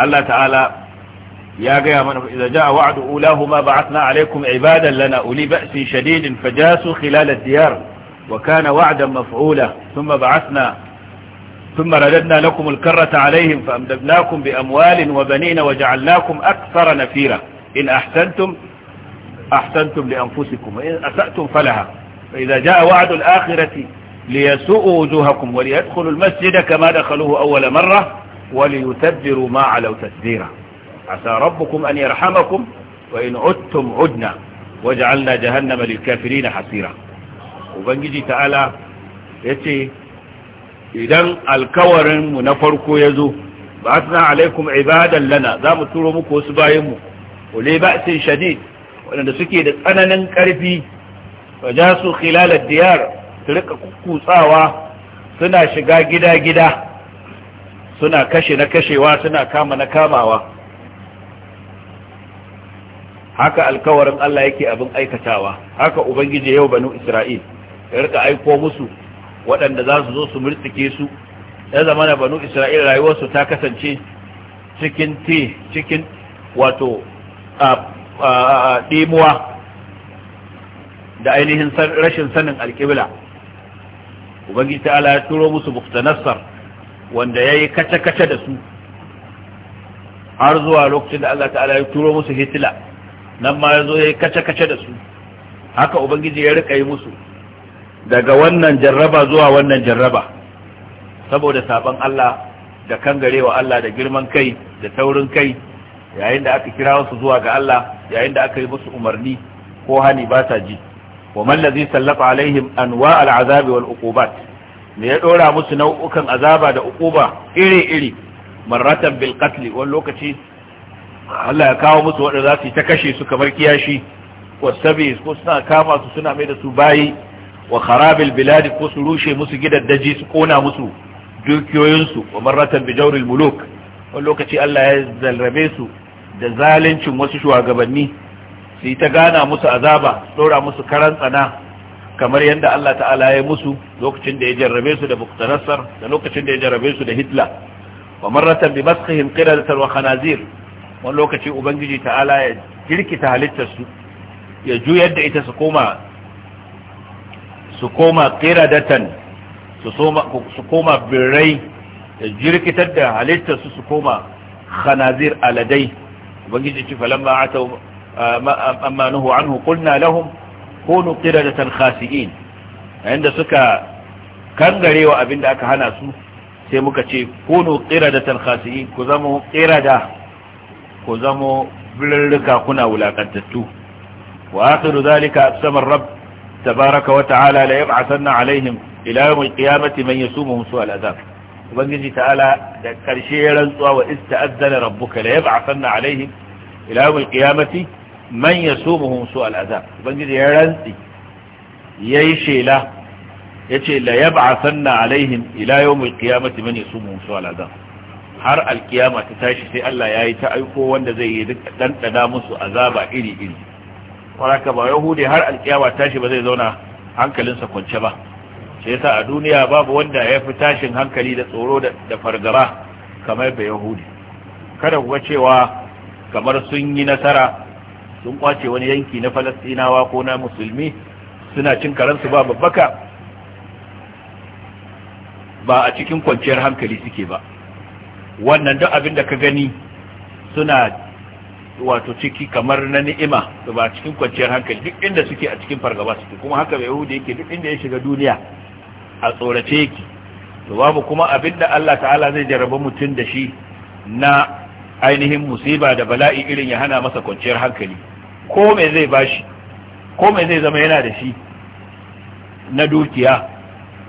Allah ta'ala ya gaya mana idza jaa wa'du ulahuma ba'athna alaykum ibadan lana uli ba'sin shadidin fajasu khilal ad-diyar wa kana wa'dan maf'ula thumma ba'athna ثم رددنا لكم الكرة عليهم wa بأموال وبنين وجعلناكم أكثر نفيرا إن أحسنتم أحسنتم لأنفسكم وإن أسأتم فلها فإذا جاء وعد الآخرة ليسوءوا وجوهكم وليدخلوا المسجد كما دخلوه أول مرة وليتبروا ما علوا تسديرا عسى ربكم أن يرحمكم وإن عدتم عدنا وجعلنا جهنم للكافرين حسيرا وبنجي تعالى يتي إذن الكور منفرك يزو بعثنا عليكم عبادا لنا ذا ibadan lana ولي بأس شديد waɗanda suke da tsananin ƙarfi ba ja su khilalar diyar su rika kutsawa suna shiga gida-gida suna kashe na kashewa suna kama na kamawa haka alkawarin Allah yake abin aikatawa haka ubangiji yau banu Isra'il ya rika aiko musu waɗanda za su zo su murtsike su ya zama na banu Isra'il rayuwarsu ta kasance cikin te cikin wato a ɗimuwa da ainihin rashin sanin alƙibla ubangiji ta'ala ya turo musu muftanassar wanda ya yi kace-kace da su har zuwa lokacin da Allah ta'ala ya turo musu hitila nan ma ya zo ya yi kace-kace da su haka ubangiji ya rika yi musu daga wannan jarraba zuwa wannan jarraba saboda sabon Allah da kangarewa Allah da girman kai da taurin kai yayin da aka kira wasu zuwa ga Allah yayin da aka yi musu umarni ko hani ba sa ji wa man ladhi sallafa alaihim anwa al'azabi wal uqubat ne ya dora musu nau'ukan azaba da uquba iri-iri marratan bil qatl wani lokaci Allah ya kawo musu wanda za su ta kashe su kamar kiyashi wasabi ko suna kama su suna mai da su bayi wa kharabil biladi ko su rushe musu gidaddaji su kona musu dukiyoyinsu wa marratan bi muluk wani lokaci Allah ya zalrabe su da zalincin wasu shugabanni su yi ta gana musu azaba dora musu karan tsana kamar yadda Allah ta'ala ya musu lokacin da ya jarrabe su da Muqtarassar da lokacin da ya jarrabe su da Hitler wa marratan bi maskhihim qiradatan wa khanazir wani lokaci ubangiji ta'ala ya jirkita halittar su ya juyar da ita su koma su koma qiradatan su su koma birrai ya jirkitar da halittar su su koma khanazir aladai ubangiji ce falamma atau amma nuhu anhu qulna lahum kunu qiradatan khasi'in inda suka kangarewa abinda aka hana su sai muka ce kunu qiradatan khasi'in ku zamo qirada ku zamo birrika kuna wulakantattu wa akhiru zalika aqsamar rabb tabaraka wa ta'ala la yab'athanna alaihim ila yawm al-qiyamati man yasumuhum su'al adab ubangiji ta'ala da karshe ya rantsuwa wa ista'azzana rabbuka la yab'athanna alaihim ila yawm al-qiyamati man yasumuhum su al-azab ubangiji ya rantsi yayi shela yace la yab'athanna alaihim ila yawm al-qiyamati man yasumuhum su al-azab har al ta tashi sai Allah yayi ta aiko wanda zai yi duk dandana musu azaba iri iri waraka ba yahudi har al-qiyama tashi ba zai zauna hankalinsa kwance ba shi yasa a duniya babu wanda ya fi tashin hankali da tsoro da fargaba kamar bai yahudi kada kuwa cewa kamar sun yi nasara sun kwace wani yanki na falastinawa ko na musulmi suna cin karansu ba babbaka ba a cikin kwanciyar hankali suke ba wannan duk abin da ka gani suna wato ciki kamar na ni'ima ba cikin kwanciyar hankali duk inda suke a cikin fargaba suke kuma haka bai yahudi yake duk inda ya shiga duniya a tsorace ki to babu kuma abin da Allah ta'ala zai jarraba mutum da shi na ainihin musiba da bala'i irin ya hana masa kwanciyar hankali ko me zai bashi ko me zai zama yana da shi na dukiya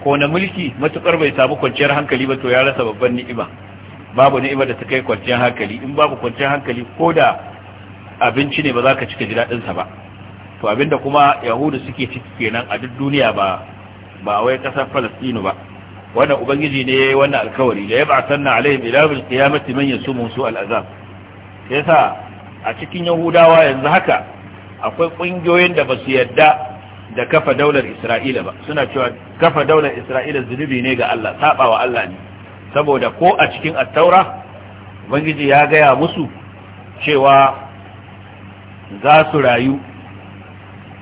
ko na mulki matukar bai samu kwanciyar hankali ba to ya rasa babban ni'ima babu ni'ima da ta kai kwanciyar hankali in babu kwanciyar hankali ko da abinci ne ba za ka cika ji daɗinsa ba to abinda kuma yahudu suke ciki kenan a duk duniya ba ba wai kasar Falastinu ba wannan ubangiji ne yayi wannan alkawari da ya ba'sanna alaihim ila bil qiyamati man yasumu su al azab yasa a cikin yahudawa yanzu haka akwai ƙungiyoyin da basu yadda da kafa daular Isra'ila ba suna cewa kafa daular Isra'ila zunubi ne ga Allah sabawa Allah ne saboda ko a cikin at-taura ubangiji ya gaya musu cewa za su rayu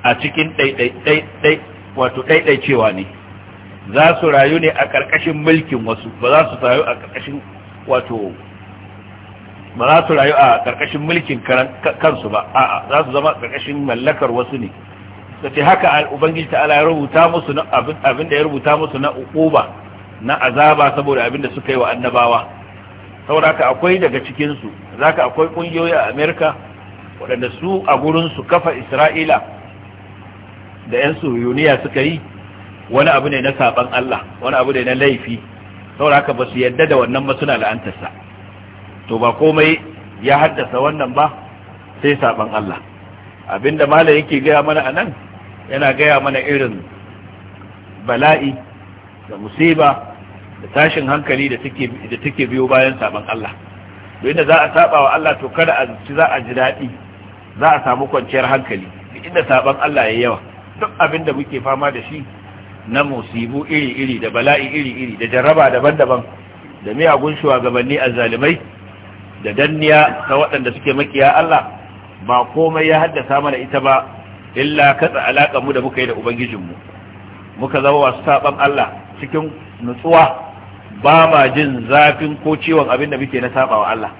a cikin ɗaiɗaiɗaiɗai wato cewa ne za su rayu ne a ƙarƙashin mulkin wasu ba za su rayu a ƙarƙashin wato ba za su rayu a ƙarƙashin mulkin kansu ba a'a za su zama ƙarƙashin mallakar wasu ne ce haka ubangiji ta'ala ya rubuta musu na abin da ya rubuta musu na uquba na azaba saboda abin da suka yi wa annabawa saboda haka akwai daga cikin su zaka akwai kungiyoyi a America waɗanda su a gurin su kafa Isra'ila da 'yan suriyuniya suka yi wani abu ne na saban Allah wani abu ne na laifi saboda haka ba su yadda da wannan ba suna la'antarsa to ba komai ya haddasa wannan ba sai saban Allah abinda malam yake gaya mana a nan yana gaya mana irin bala'i da musiba da tashin hankali da take biyo bayan saban Allah inda za a saba wa Allah to kada a za a ji daɗi za a samu kwanciyar hankali inda saban Allah ya yawa duk abin da muke fama da shi na musibu iri-iri da bala'i iri-iri da jarraba daban-daban da miyagun shugabanni a zalimai da danniya ta waɗanda suke makiya Allah ba komai ya haddasa mana ita ba illa katsa alaƙa mu da muka yi da ubangijinmu muka zama wasu saɓan Allah cikin nutsuwa ba ma jin zafin ko ciwon abin da muke na sabawa Allah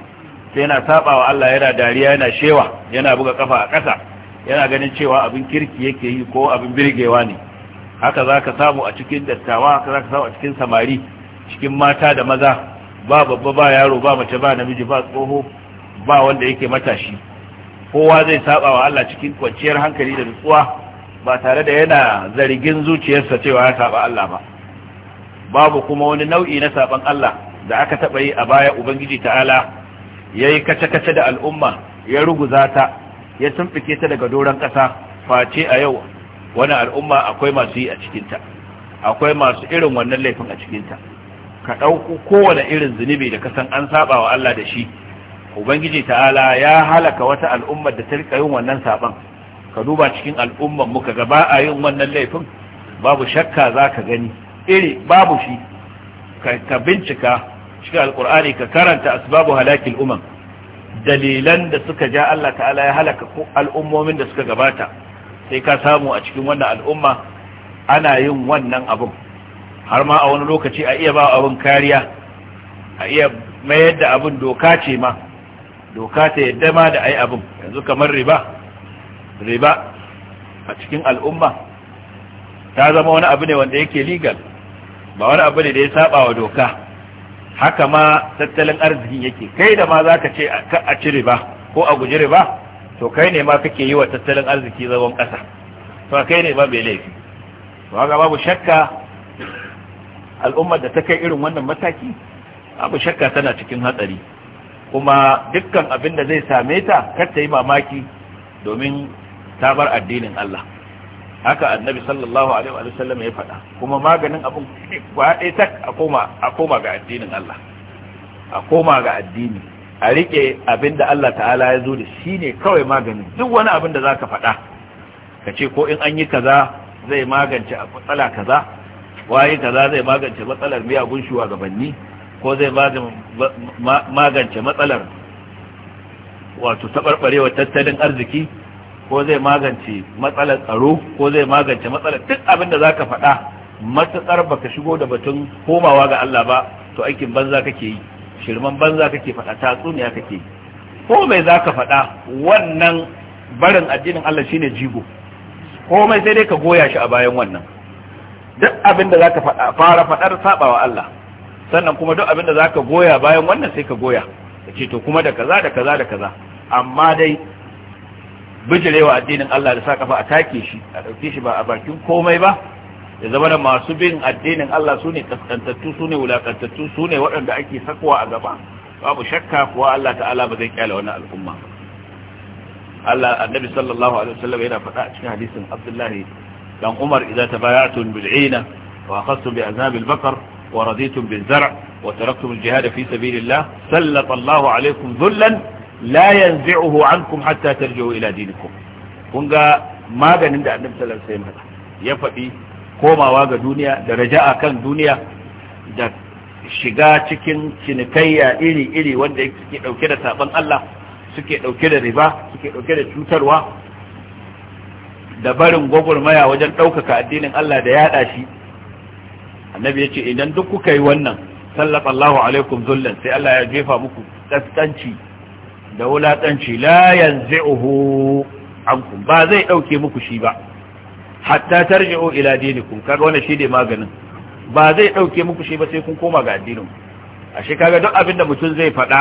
sai yana saɓawa Allah yana dariya yana shewa yana buga kafa a ƙasa yana ganin cewa abin kirki yake yi ko abin birgewa ne haka za ka samu a cikin dattawa haka za ka samu a cikin samari cikin mata da maza ba babba ba yaro ba mace ba namiji ba tsoho ba wanda yake matashi kowa zai saba wa Allah cikin kwanciyar hankali da nutsuwa ba tare da yana zargin zuciyarsa cewa ya saba Allah ba babu kuma wani nau'i na saban Allah da aka taba yi a baya Ubangiji ta'ala yayi kace-kace da al'umma ya ruguza ta ya tumfike ta daga doron ƙasa face a yau wani al'umma akwai masu yi a cikinta akwai masu irin wannan laifin a cikinta ka ɗauko kowane irin zunubi da kasan an saba wa Allah da shi ubangiji ta'ala ya halaka wata al'ummar da ta rika yin wannan saban ka duba cikin al'umman muka ga ba a yin wannan laifin babu shakka za ka gani iri babu shi ka bincika cikin alkur'ani ka karanta asbabu halakil umam dalilan da suka ja Allah ta'ala ya halaka al'ummomin da suka gabata sai ka samu a cikin wannan al'umma ana yin wannan abin har ma a wani lokaci a iya ba abin kariya a iya mayar da abin doka ce ma doka ta yadda ma da ai abin yanzu kamar riba riba a cikin al'umma ta zama wani abu ne wanda yake legal ba wani abu ne da ya saba wa doka haka ma tattalin arzikin yake kai da ma za ka ce a ci riba ko a guji riba to kai ne ma kake yi wa tattalin arziki zagon ƙasa to kai ne ba bai laifi to haka babu shakka al'ummar da ta kai irin wannan mataki babu shakka tana cikin hatsari kuma dukkan abin da zai same ta kar ta yi mamaki domin ta bar addinin Allah haka annabi sallallahu alaihi wa sallam ya faɗa kuma maganin abin ba tak a koma ga addinin Allah a koma ga addini a rike abin da Allah ta'ala ya zo da shi ne kawai maganin duk wani abin da za ka faɗa ka ce ko in an yi kaza zai magance a matsala kaza waye kaza zai magance matsalar miyagun shugabanni ko zai magance matsalar wato taɓarɓarewar tattalin arziki ko zai magance matsalar tsaro ko zai magance matsalar duk abin da za ka faɗa matuƙar baka shigo da batun komawa ga Allah ba to aikin banza kake yi shirman banza kake faɗa tatsuniya kake ko mai za ka faɗa wannan barin addinin Allah shine jigo ko sai dai ka goya shi a bayan wannan duk abin da za ka fara faɗar saɓawa Allah sannan kuma duk abin da za ka goya bayan wannan sai ka goya ka ce to kuma da kaza da kaza da kaza amma dai bijirewa addinin Allah da sa kafa a take shi a ɗauke shi ba a bakin komai ba ya zama da masu bin addinin Allah su ne kaskantattu su ne wulakantattu su ne waɗanda ake sakwa a gaba babu shakka kuwa Allah ta'ala ba zai kyale wannan al'umma Allah annabi sallallahu alaihi wasallam yana faɗa a cikin hadisin Abdullahi dan Umar idza tabaya'tum bil'ina wa akhadtum bi'azab al-baqar wa raditum biz-zar' wa taraktum al-jihad fi sabilillah sallata Allahu alaykum dhullan la yanzi'uhu 'ankum hatta tarji'u ila dinikum kun ga maganin da annabi sallallahu alaihi wasallam ya faɗi komawa ga duniya da raja'a kan duniya da shiga cikin cinikayya iri-iri wanda suke ɗauke da sabon Allah suke ɗauke da riba suke ɗauke da cutarwa da barin gwagwarmaya wajen ɗaukaka addinin Allah da yaɗa shi annabi ya ce idan duk kuka yi wannan sallaf Allahu alaikum zullan sai Allah ya jefa muku kaskanci da wulaɗanci, la yanzi'uhu ankum ba zai ɗauke muku shi ba hatta tarji'u ila dinikum kaga wannan shine maganin ba zai dauke muku shi ba sai kun koma ga addinin ashe kaga duk abinda mutum zai faɗa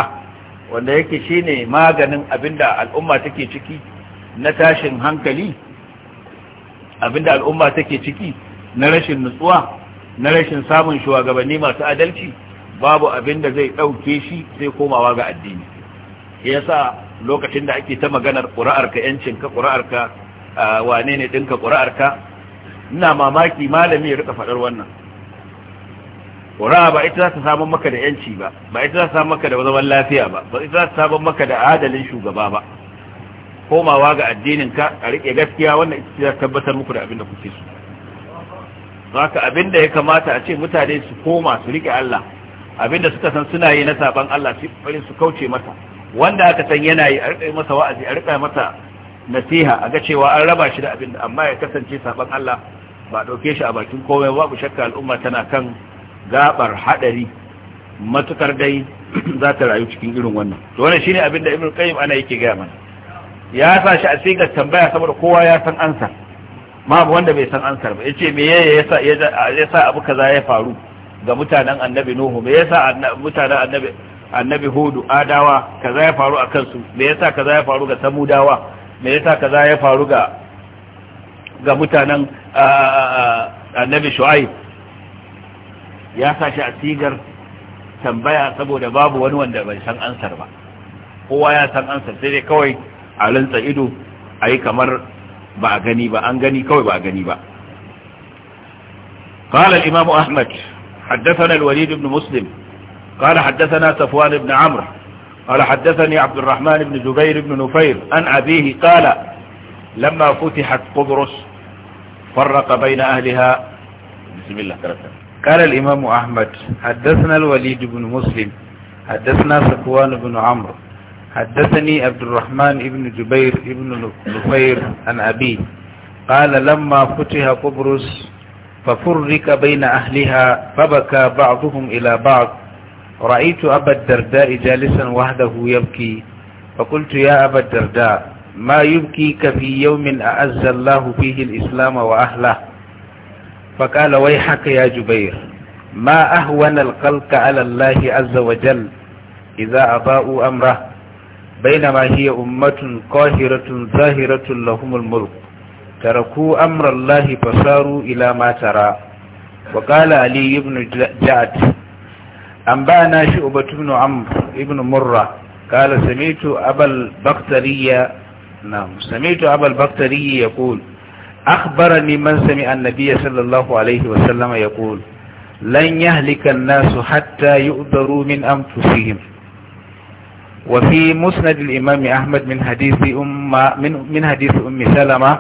wanda yake shine maganin abinda al'umma take ciki na tashin hankali abinda al'umma take ciki na rashin nutsuwa na rashin samun shugabanni masu adalci babu abinda zai dauke shi sai komawa ga addini yasa lokacin da ake ta maganar ƙuri'arka yancinka ƙura'arka. wane ne dinka ka ina mamaki malami ya rika faɗar wannan ƙura'a ba ita za ta samun maka da yanci ba ba ita za ta samun maka da zaman lafiya ba ba ita za ta samun maka da adalin shugaba ba komawa ga addinin ka a riƙe gaskiya wannan ita za ta tabbatar muku da abin da kuke so haka abin da ya kamata a ce mutane su koma su riƙe Allah abin da suka san suna yi na saban Allah su su kauce masa wanda aka san yana yi a riƙe masa wa'azi a riƙe masa nasiha a ga cewa an raba shi da abin da amma ya kasance saban Allah ba ɗauke shi a bakin komai babu shakka al'umma tana kan gabar haɗari matukar dai za ta rayu cikin irin wannan to wannan shine abin da Ibn qayyim ana yake gaya mana ya sa shi a sigar tambaya saboda kowa ya san ansa ma wanda bai san ansar ba yace me yasa yasa abu kaza ya faru ga mutanen annabi nuhu me yasa mutanen annabi annabi hudu adawa kaza ya faru akan su me yasa kaza ya faru ga samudawa me yasa kaza ya faru ga ga mutanen annabi shu'aib ya sa shi a sigar tambaya saboda babu wani wanda bai san ansar ba kowa ya san ansar sai dai kawai a lantsa ido a yi kamar ba a gani ba an gani kawai ba a gani ba قال الإمام أحمد حدثنا الوليد بن مسلم قال حدثنا صفوان بن عمرو قال حدثني عبد الرحمن بن جبير بن نفير عن أبيه قال لما فتحت قبرص فرق بين أهلها بسم الله قال الإمام أحمد حدثنا الوليد بن مسلم حدثنا سكوان بن عمرو حدثني عبد الرحمن بن جبير بن نفير عن أبيه قال لما فتح قبرص ففرق بين أهلها فبكى بعضهم إلى بعض رأيت أبا الدرداء جالسا وحده يبكي فقلت يا أبا الدرداء ما يبكيك في يوم أعز الله فيه الإسلام وأهله فقال ويحك يا جبير ما أهون الخلق على الله عز وجل إذا أضاءوا أمره بينما هي أمة قاهرة ظاهرة لهم الملك تركوا أمر الله فصاروا إلى ما ترى وقال علي بن جعد أنبانا شعبة بن عمرو بن مرة قال سمعت أبا البكتري نعم سمعت أبا البكتري يقول أخبرني من سمع النبي صلى الله عليه وسلم يقول لن يهلك الناس حتى يؤذروا من أنفسهم وفي مسند الإمام أحمد من حديث أم من, من حديث أم سلمة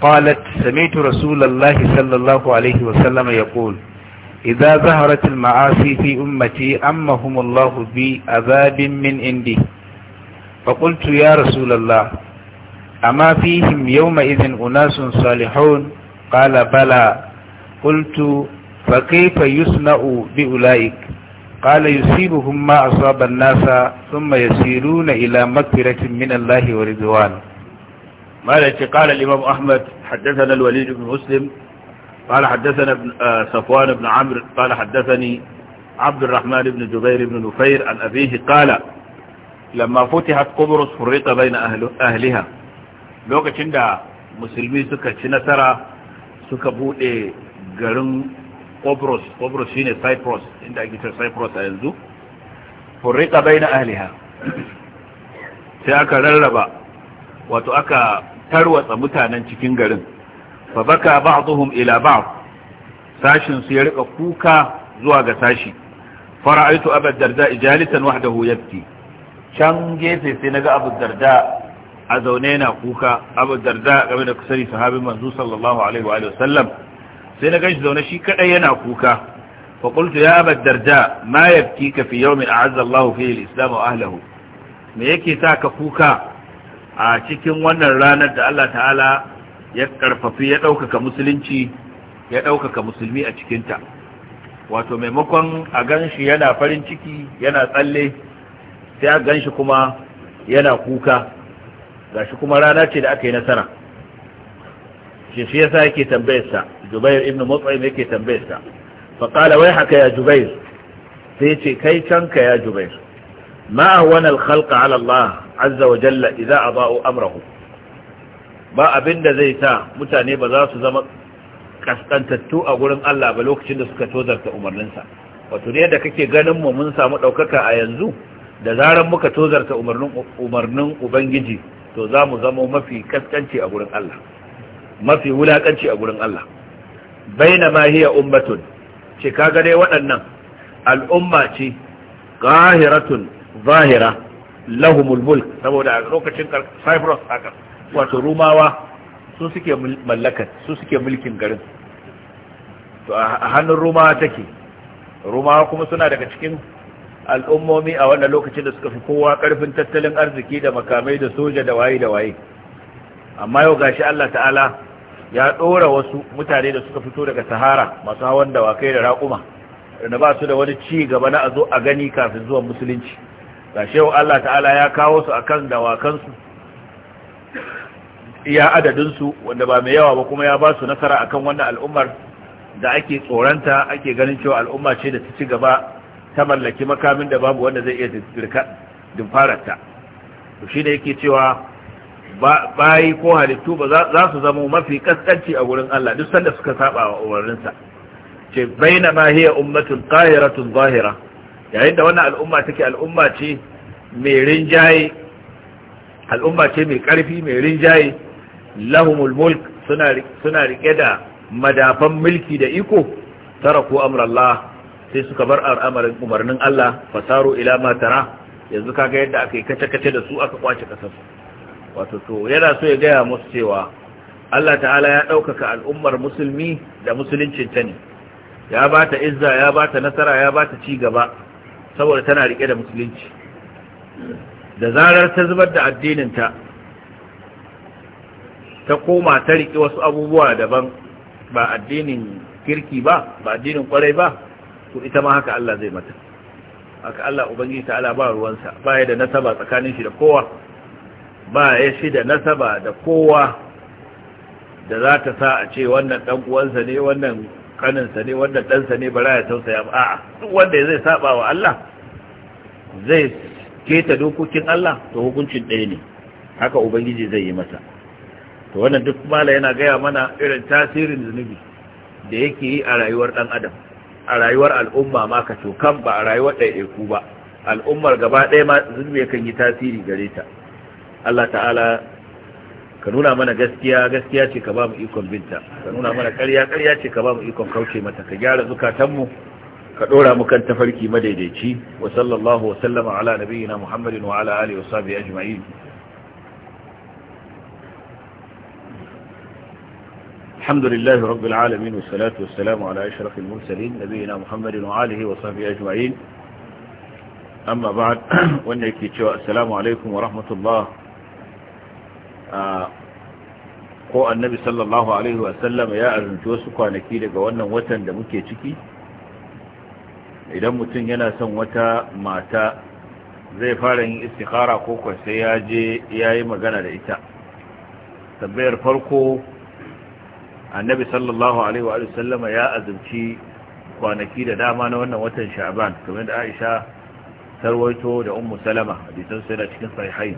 قالت سمعت رسول الله صلى الله عليه وسلم يقول إذا ظهرت المعاصي في أمتي أمهم الله بعذاب من عندي فقلت يا رسول الله أما فيهم يومئذ أناس صالحون قال بلى قلت فكيف يصنع بأولئك قال يصيبهم ما أصاب الناس ثم يسيرون إلى مغفرة من الله ورضوان ماذا قال الإمام أحمد حدثنا الوليد بن مسلم قال حدثنا ابن صفوان بن عمرو قال حدثني عبد الرحمن بن جبير بن نفير عن أبيه قال لما فتحت قبرص فرق بين أهلها lokacin da musulmi suka ci nasara suka buɗe garin Qobros Qobros shine Cyprus inda ake cewa Cyprus a yanzu furriqa baina ahliha sai aka rarraba wato aka tarwatsa mutanen cikin garin fa baka ba'dhum ila ba'd sashin su ya rika kuka zuwa ga sashi fara'aitu abad darda jalisan wahdahu yabki can gefe sai naga abu darda a zaune yana kuka abu darda game da kusari sahabin manzo sallallahu alaihi wa sallam sai na ganshi zaune shi kadai yana kuka fa qultu ya abu darda ma yabkika fi yawmin a'azza Allah fihi al-islam wa ahlihi me yake sa ka kuka a cikin wannan ranar da Allah ta'ala ya karfafi ya ɗaukaka musulunci ya ɗaukaka musulmi a cikinta wato maimakon a ganshi yana farin ciki yana tsalle sai a ganshi kuma yana kuka gashi kuma rana ce da aka yi nasara shi shi yasa yake tambayarsa jubair ibn mutsaim yake tambayarsa fa qala wai haka ya jubair sai ce kai ka ya jubair ma ahwana al-khalqa ala Allah azza wa jalla idza adaa'u amrahu ba abin da zai sa mutane ba za su zama kaskantattu a gurin Allah ba lokacin da suka tozarta umarninsa wato ne da kake ganin mu mun samu ɗaukaka a yanzu da zarar muka tozarta umarnin ubangiji to za mu zama mafi kaskanci a gurin Allah mafi wulakanci a gurin Allah baina ma hiya ummatun ce kaga dai waɗannan al'umma ce qahiratun zahira lahumul mulk saboda a lokacin Cyprus haka wato rumawa su suke mallakar su suke mulkin garin to a hannun rumawa take rumawa kuma suna daga cikin al'ummomi a wannan lokacin da suka fi kowa karfin tattalin arziki da makamai da soja da waye da waye amma yau gashi Allah ta'ala ya ɗora wasu mutane da suka fito daga sahara masu hawan dawakai da raƙuma da ba su da wani ci gaba na a a gani kafin zuwa musulunci gashi yau Allah ta'ala ya kawo su akan dawakansu iya su, wanda ba mai yawa ba kuma ya ba su nasara akan wannan al'ummar da ake tsoranta ake ganin cewa al'umma ce da ta ci gaba ta mallaki makamin da babu wanda zai iya dimfararta to shi ne yake cewa bayi ko halittu ba za su zama mafi kaskanci a wurin Allah duk sanda suka saba wa umarninsa ce baina ma hiya ummatun qahiratun zahira yayin da wannan al'umma take al'umma ce mai rinjaye al'umma ce mai karfi mai rinjaye lahumul mulk suna rike da madafan mulki da iko taraku amrallah sai suka bar al'amarin umarnin Allah fasaru ila ma tara yanzu kaga yadda aka kace-kace da su aka kwace kasar wato to yana so ya gaya musu cewa Allah ta'ala ya ɗaukaka al'ummar musulmi da musuluncin ta ne ya ba ta izza ya ba ta nasara ya ba ta ci gaba saboda tana rike da musulunci da zarar ta zubar da addinin ta ta koma ta riƙe wasu abubuwa daban ba addinin kirki ba ba addinin kwarai ba to ita ma haka Allah zai mata haka Allah ubangiji ta'ala ba ruwansa ba ya da nasaba tsakanin shi da kowa ba ya shi da nasaba da kowa da za ta sa a ce wannan dan uwansa ne wannan kaninsa ne wannan ɗansa ne bara ya tausaya ba a'a duk wanda zai saba wa Allah zai keta dokokin Allah to hukuncin ɗaya ne haka ubangiji zai yi masa to wannan duk mala yana gaya mana irin tasirin zunubi da yake yi a rayuwar dan adam a rayuwar al'umma ma ka cokan ba a rayuwar ɗaiɗaiku ba al'ummar gaba ɗaya ma zunubi yakan yi tasiri gare ta Allah ta'ala ka nuna mana gaskiya gaskiya ce ka ba mu ikon binta ka nuna mana ƙarya ƙarya ce ka ba mu ikon kauce mata ka gyara zukatanmu ka ɗora mu kan tafarki madaidaici wa sallallahu wa sallama ala nabiyyina muhammadin wa ala alihi wa sahbihi ajma'in الحمد لله رب العالمين والصلاة والسلام على أشرف المرسلين نبينا محمد وصحبه أجمعين أما بعد وأنك السلام عليكم ورحمة الله ko annabi sallallahu ya azunci wasu kwanaki daga wannan watan da muke ciki idan mutum yana son wata mata zai fara yin istikhara ko kwasai ya je ya yi magana da ita Tambayar farko annabi sallallahu alaihi wa sallama ya azumci kwanaki da dama na wannan watan sha'ban kamar da aisha tarwaito da ummu salama hadisan sai da cikin sahihain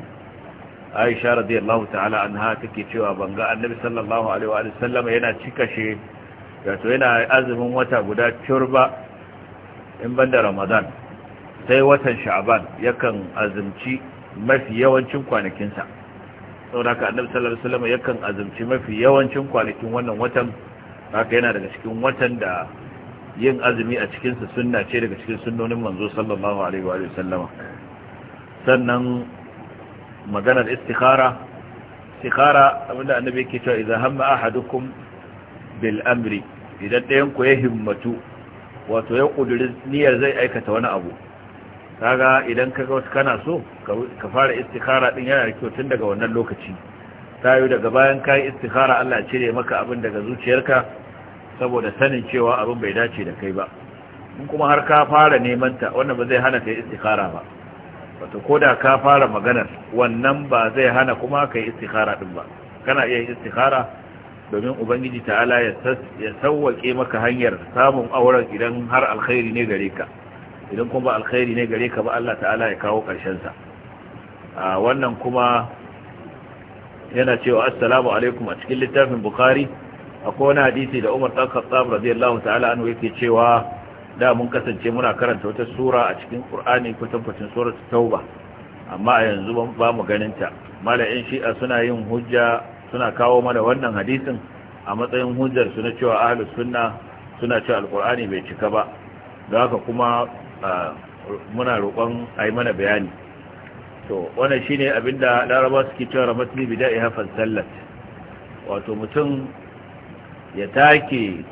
aisha radiyallahu ta'ala anha take cewa banga annabi sallallahu alaihi wa sallama yana cika shi wato yana azumin wata guda turba in banda ramadan sai watan sha'ban yakan azumci mafi yawancin kwanakinsa saboda ka annabi sallallahu alaihi wasallam yakan azumci mafi yawancin kwanakin wannan watan haka yana daga cikin watan da yin azumi a cikin sa sunna ce daga cikin sunnonin manzo sallallahu alaihi wa sallama sannan maganar istikhara istikhara abinda annabi yake cewa idan hamma ahadukum bil amri idan ɗayan ku ya himmatu wato ya kuduri niyyar zai aikata wani abu kaga idan kaga wasu kana so ka fara istikhara din yana da kyau tun daga wannan lokaci ta tayo daga bayan ka yi istikhara Allah cire maka abin daga zuciyarka saboda sanin cewa abin bai dace da kai ba in kuma har ka fara neman ta wannan ba zai hana ka yi istikhara ba wato koda ka fara maganar wannan ba zai hana kuma ka yi istikhara din ba kana iya istikara? domin ubangiji ta'ala ya sawwake maka hanyar samun auren idan har alkhairi ne gare ka idan kuma ba alkhairi ne gare ka ba Allah ta'ala ya kawo sa. a wannan kuma yana cewa assalamu alaikum a cikin littafin bukari akwai wani hadisi da umar ɗan khattab radiyallahu ta'ala anhu yake cewa da mun kasance muna karanta wata sura a cikin qur'ani kwatankwacin surat tauba amma a yanzu ba mu ganin ta mala'in shi'a suna yin hujja suna kawo mana wannan hadisin a matsayin hujjar su na cewa ahlus sunna suna cewa alqur'ani bai cika ba da haka kuma muna roƙon a yi mana bayani to wannan shine abinda Larabar suke cewa bida iya hafan sallat wato mutum ya take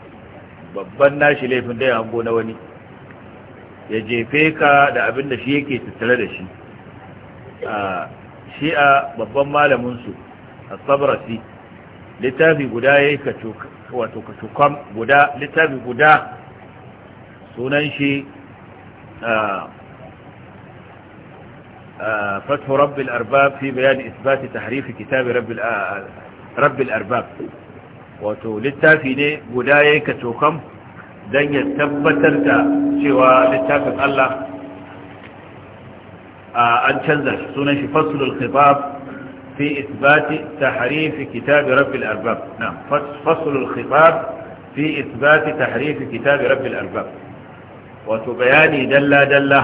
babban nashi laifin da ya na wani ya jefe ka da abinda shi yake tattare da shi a babban malaminsu a tsabarasi littafi guda ya yi kacokam guda littafi guda sunan shi آه. آه. فتح رب الأرباب في بيان إثبات تحريف كتاب رب, آه، رب الأرباب في وللتافيني بدايك توقم دن يتبتلت سوى للتافي الله أنشنزل سنشي فصل الخطاب في إثبات تحريف كتاب رب الأرباب نعم فصل الخطاب في إثبات تحريف كتاب رب الأرباب wato bayani dalla-dalla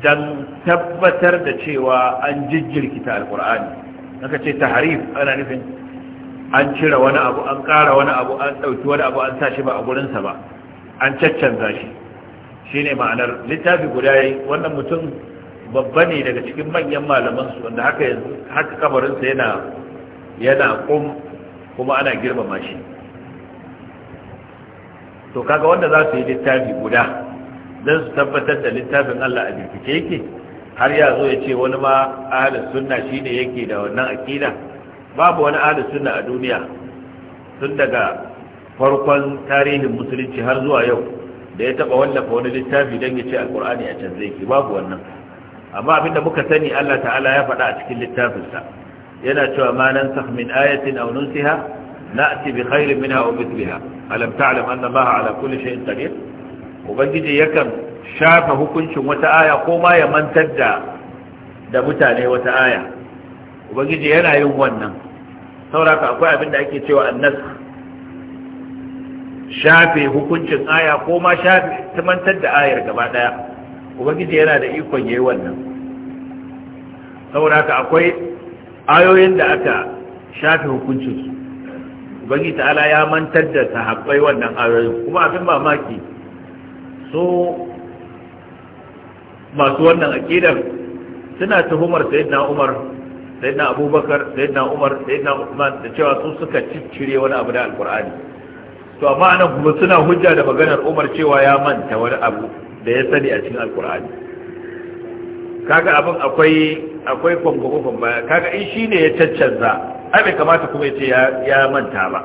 don tabbatar da cewa an jijjirkita alkur'ani naka ce Harif, ana nufin an cire wani abu an ƙara wani abu an ɗauki wani abu an sa shi ba a gurinsa ba an caccanza shi shi ne ma'anar littafi guda ya yi wannan mutum babba ne daga cikin manyan malamansu wanda haka yanzu haka kamarinsa yana yana ƙum kuma ana girmama shi to kaga wanda za su yi littafi guda don su tabbatar da littafin Allah a bincike yake har ya zo ya ce wani ma ahalin sunna shine yake da wannan akida babu wani ahalin suna a duniya tun daga farkon tarihin musulunci har zuwa yau da ya taba wallafa wani littafi don ya ce alkur'ani a can zai babu wannan amma abin da muka sani Allah ta'ala ya faɗa a cikin littafinsa yana cewa ma nan min ayatin aw nunsiha na'ti bi khairin minha aw mithliha alam ta'lam anna Allah ala kulli shay'in qadir ubangiji yakan shafa hukuncin wata aya ko ma ya mantar da da mutane wata aya ubangiji yana yin wannan sauraka akwai abin da ake cewa annas shafe hukuncin aya ko ma shafe mantar da ayar gaba daya ubangiji yana da ikon yayi wannan sauraka akwai ayoyin da aka shafe hukuncin su. ubangi ta'ala ya mantar da sahabbai wannan ayoyin kuma abin mamaki so masu wannan aqidar suna tuhumar sayyidina Umar sayyidina Abubakar sayyidina Umar sayyidina Uthman da cewa su suka ciccire wani abu da Al-Qur'ani. to amma anan kuma suna hujja da maganar Umar cewa ya manta wani abu da ya sani a cikin Alkur'ani kaga abin akwai akwai kwangwagwagon baya kaga in shine ya caccanza ai bai kamata kuma ya ce ya manta ba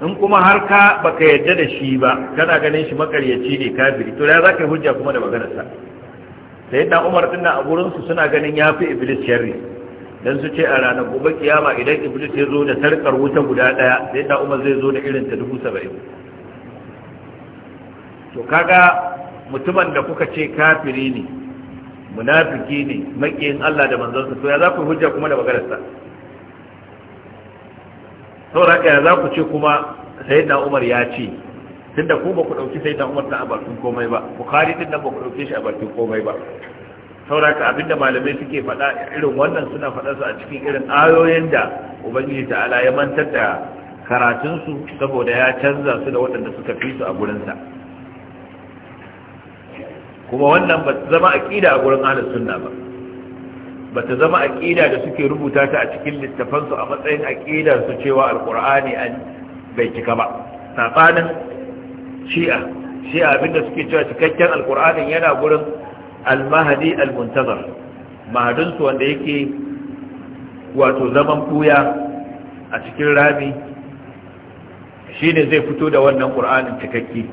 in kuma har ka baka yadda da shi ba kana ganin shi makaryaci ne kafiri to ya za yi hujja kuma da maganarsa sai dan umar din a gurin su suna ganin ya fi iblis sharri dan su ce a ranar gobe kiyama idan iblis ya zo da sarkar wuta guda daya sai dan umar zai zo da irin ta dubu saba'in to kaga mutumin da kuka ce kafiri ne munafiki ne makiyin Allah da sa to ya za ku hujja kuma da maganarsa saboda haka ya za ku ce kuma da Umar ya ce tunda ku ba ku ɗauki sai da Umar ta abarkin komai ba kari tun nan ba ku ɗauke shi abarkin komai ba saboda haka abinda malamai suke faɗa irin wannan suna faɗa su a cikin irin ayoyin da ubangiji ta'ala ya mantar da karatunsu su saboda ya canza su da waɗanda suka fi su a gurin sa kuma wannan ba zama aƙida a gurin ahlus sunna ba Ba ta zama aqida da suke rubuta ta a cikin littafan su a matsayin aqidar su cewa alqur'ani an bai cika ba sabanin shi'a shi'a abinda suke cewa cikakken alqur'anin yana gurin al-mahdi al-muntazar mahadin wanda yake wato zaman buya a cikin rami shine zai fito da wannan qur'anin cikakke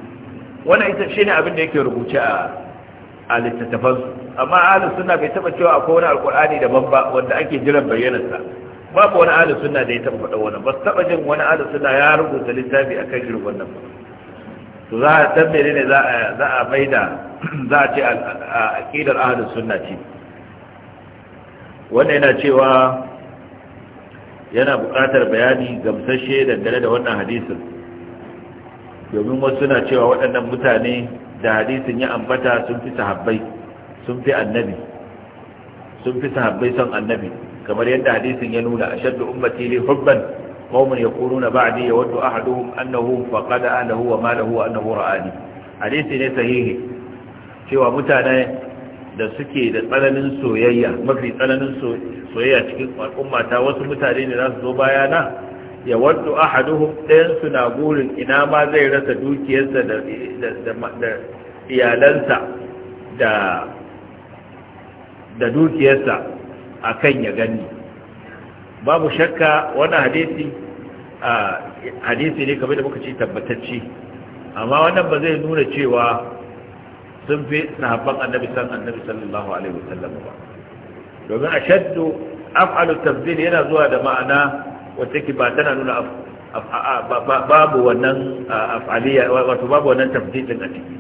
wannan ita shine abinda yake rubuce a a littattafansu amma ahlus sunna bai taba cewa akwai wani alqur'ani daban ba wanda ake jiran bayyanarsa babu wani ahlus sunna da ya taba faɗa wannan ba taba jin wani ahlus sunna ya rubuta littafi akan irin wannan ba to za a san menene za a za a maida za a ce aqidar ahlus sunna ce wannan yana cewa yana buƙatar bayani gamsashe dangane da wannan hadisin domin wasu na cewa waɗannan mutane da hadisin ya ambata sun fi sahabbai sun fi annabi sun fi sahabbai son annabi kamar yadda hadisin ya nuna ashaddu ummati li hubban qaumun yaquluna ba'di yawaddu ahaduhum annahu faqada ahlahu wa malahu wa annahu ra'ani hadisi ne sahihi cewa mutane da suke da tsananin soyayya mafi tsananin soyayya cikin al'umma ta wasu mutane ne za su zo bayana ya waddu ahaduhum ɗayan su na burin ina ma zai rasa dukiyarsa da iyalansa da da dukiyarsa akan ya gani babu shakka wannan hadisi a hadisi ne kamar da muka ce tabbatacce amma wannan ba zai nuna cewa sun fi sahabban annabi san annabi sallallahu alaihi wasallam ba domin a shaddu af'alu tabdil yana zuwa da ma'ana wacce ke ba tana nuna babu wannan af'aliya wato babu wannan tabdil din a ciki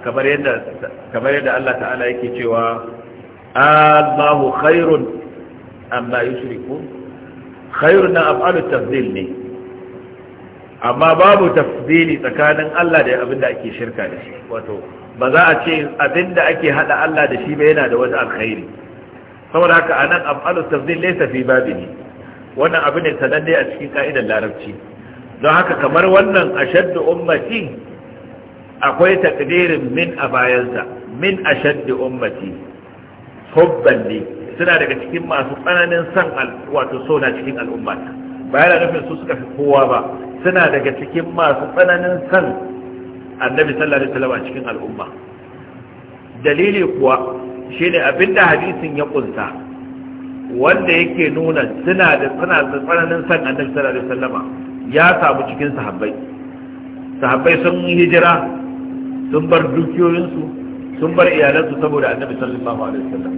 kamar yadda Allah ta'ala yake cewa Allahu khairun amma yushriku khairun na af'alu tafdil ne amma babu tafdili tsakanin Allah da abinda ake shirka da shi wato ba za a ce abinda ake hada Allah da shi ba yana da wani alkhairi saboda haka anan af'alu tafdil laysa fi babihi wannan abin ne sananne a cikin ka'idar larabci don haka kamar wannan ashaddu ummati akwai takdirin min a bayansa min ashaddi ummati hubban li suna daga cikin masu tsananin san wato so na cikin al'umma bayan nufin su suka fi kowa ba suna daga cikin masu tsananin san annabi sallallahu alaihi wasallam a cikin al'umma dalili kuwa shine abinda hadisin ya kunsa wanda yake nuna suna da suna da tsananin san annabi sallallahu alaihi wasallam ya samu cikin sahabbai sahabbai sun hijira sun bar dukiyoyinsu sun bar iyalansu saboda annabi sallallahu alaihi wasallam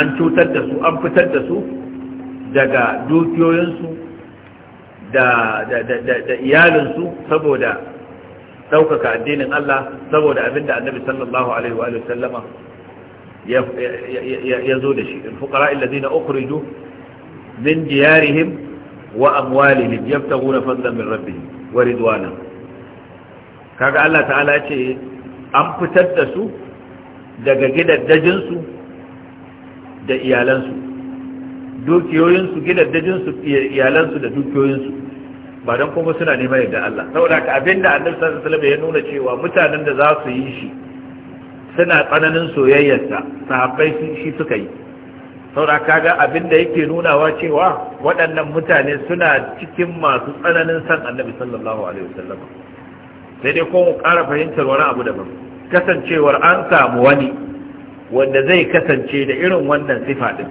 an cutar da su an fitar da su daga dukiyoyinsu da iyalinsu saboda ɗaukaka addinin Allah saboda abinda annabi sallallahu alaihi wa sallama ya zo da shi fuqara alladhina ukhriju min diyarihim wa amwalihim yabtaghuna fadlan min rabbihim wa ridwana kaga Allah ta'ala ce an fitar da su daga gidaddajin su da iyalansu su gidaddajinsu iyalansu da su ba don kuma suna neman yadda Allah saboda ka abinda annabi sallallahu alaihi ya nuna cewa mutanen da za su yi shi suna tsananin soyayyarsa sahabbai shi suka yi saura kaga abinda yake nunawa cewa waɗannan mutane suna cikin masu tsananin san annabi sallallahu alaihi wasallam sai dai ko mu ƙara fahimtar wani abu daban kasancewar an samu wani wanda zai kasance da irin wannan sifa din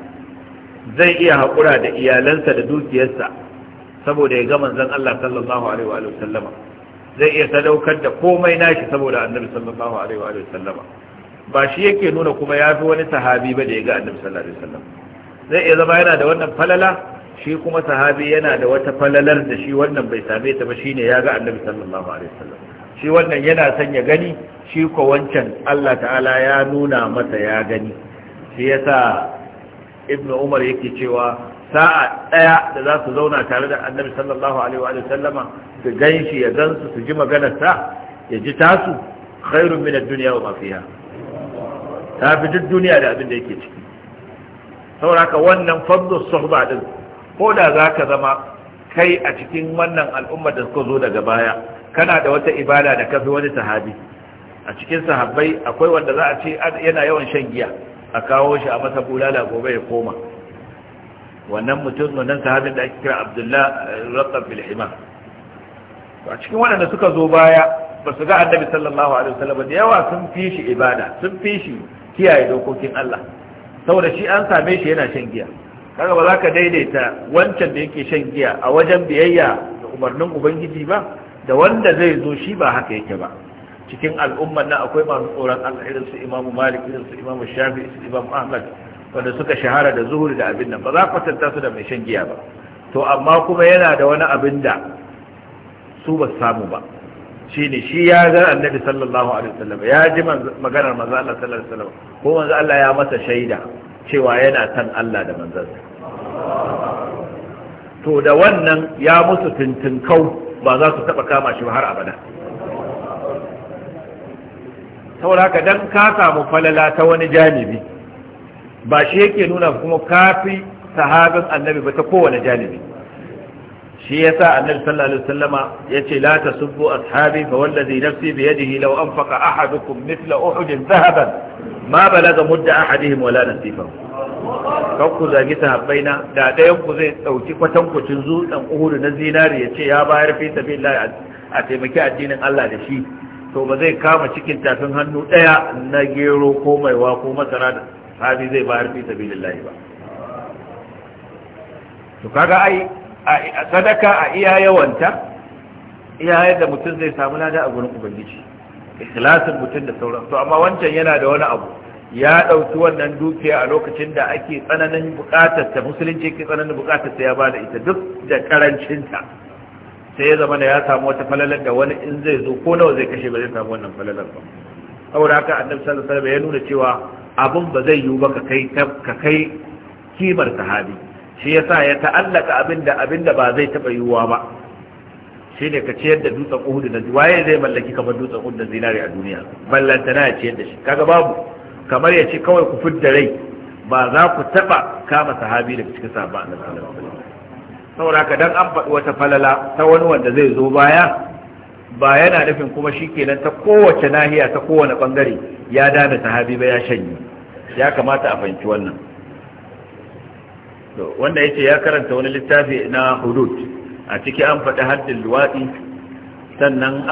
zai iya haƙura da iyalansa da dukiyarsa saboda ya ga manzon Allah sallallahu alaihi wa sallama zai iya sadaukar da komai nashi saboda annabi sallallahu alaihi wa sallama ba shi yake nuna kuma ya fi wani sahabi ba da ya ga annabi sallallahu alaihi wasallam zai iya zama yana da wannan falala shi kuma sahabi yana da wata falalar da shi wannan bai same ta ba shine ya ga annabi sallallahu alaihi wasallam shi wannan yana son ya gani shi ko wancan Allah ta'ala ya nuna masa ya gani shi yasa ibn umar yake cewa sa'a daya da za su zauna tare da annabi sallallahu alaihi wa sallama su shi, ya gansu su ji sa ya ji tasu khairun min ad-dunya wa ma fiha ta fi duk duniya da abin da yake ciki sauraka wannan fadlus suhba din ko da za ka zama kai a cikin wannan al'ummar da suka zo daga baya kana da wata ibada da kafi wani sahabi a cikin sahabbai akwai wanda za a ce yana yawan shan giya a kawo shi a masa bulala gobe ya koma wannan mutum wannan sahabin da ake kira Abdullahi eh, rattab bil himam a cikin waɗanda suka zo baya ba su ga annabi sallallahu alaihi wasallam da yawa sun fi shi ibada sun fi shi kiyaye dokokin Allah saboda shi an same shi yana shan giya kaga ba za ka daidaita wancan da yake shan giya a wajen biyayya da umarnin ubangiji ba da wanda zai zo shi ba haka yake ba cikin al'ummar nan akwai masu tsoron Allah irin su Imam Malik irin su Imam Shafi'i su Imam Ahmad wanda suka shahara da zuhuri da abin nan ba za ku kwatanta su da mai shan giya ba to amma kuma yana da wani abin da su ba samu ba ne shi ya ga annabi sallallahu alaihi wasallam ya ji maganar manzo Allah sallallahu alaihi wasallam ko manzo Allah ya masa shaida cewa yana san Allah da manzansa to da wannan ya musu tintinkau ba za su taba kama shi har abada saboda haka dan ka samu falala ta wani janibi ba shi yake nuna kuma kafi sahabin annabi ba ta kowane janibi shi yasa annabi sallallahu Sallama ya yace la tasubbu ashabi fa wallazi nafsi bi yadihi law anfaqa ahadukum mithla uhud dhahaban ma balaga mudda ahadihim wala nasifahu kan ku zagi sahabbaina da dayan ku zai dauki kwatankwacin zuɗan uhudu na zinari yace ya bayar fi sabilillah a taimaki addinin Allah da shi to ba zai kama cikin tafin hannu ɗaya na gero ko maiwa ko masara da sahabi zai bayar fi sabilillah ba to kaga ai a sadaka a iya yawanta iya yadda mutum zai samu lada a gurin ubangiji ikhlasin mutum da sauran to amma wancan yana da wani abu ya ɗauki wannan dukiya a lokacin da ake tsananin bukatar ta musulunci ke tsananin bukatar ta ya ba da ita duk da karancinta sai ya zama da ya samu wata falalar da wani in zai zo ko nawa zai kashe ba zai samu wannan falalar ba saboda haka annabi sallallahu alaihi wasallam ya nuna cewa abun ba zai yiwu ba ka kai ka kai kimar sahabi shi yasa ya ta'allaka abinda abinda ba zai taba yiwuwa ba shi ne ka ciyar da dutsen uhudu na waye zai mallaki kamar dutsen uhudu na zinari a duniya na ya ciyar da shi kaga babu kamar ya ce kawai ku fidda rai ba za ku taba kama sahabi daga cikin sahabba annabi sallallahu alaihi saboda ka dan an faɗi wata falala ta wani wanda zai zo baya ba yana nufin kuma shi kenan ta kowace nahiya ta kowane bangare ya dana sahabi ba ya shanye ya kamata a fahimci wannan wanda yace ya karanta wani littafi na hudud a ciki an faɗi haddin luwaɗi sannan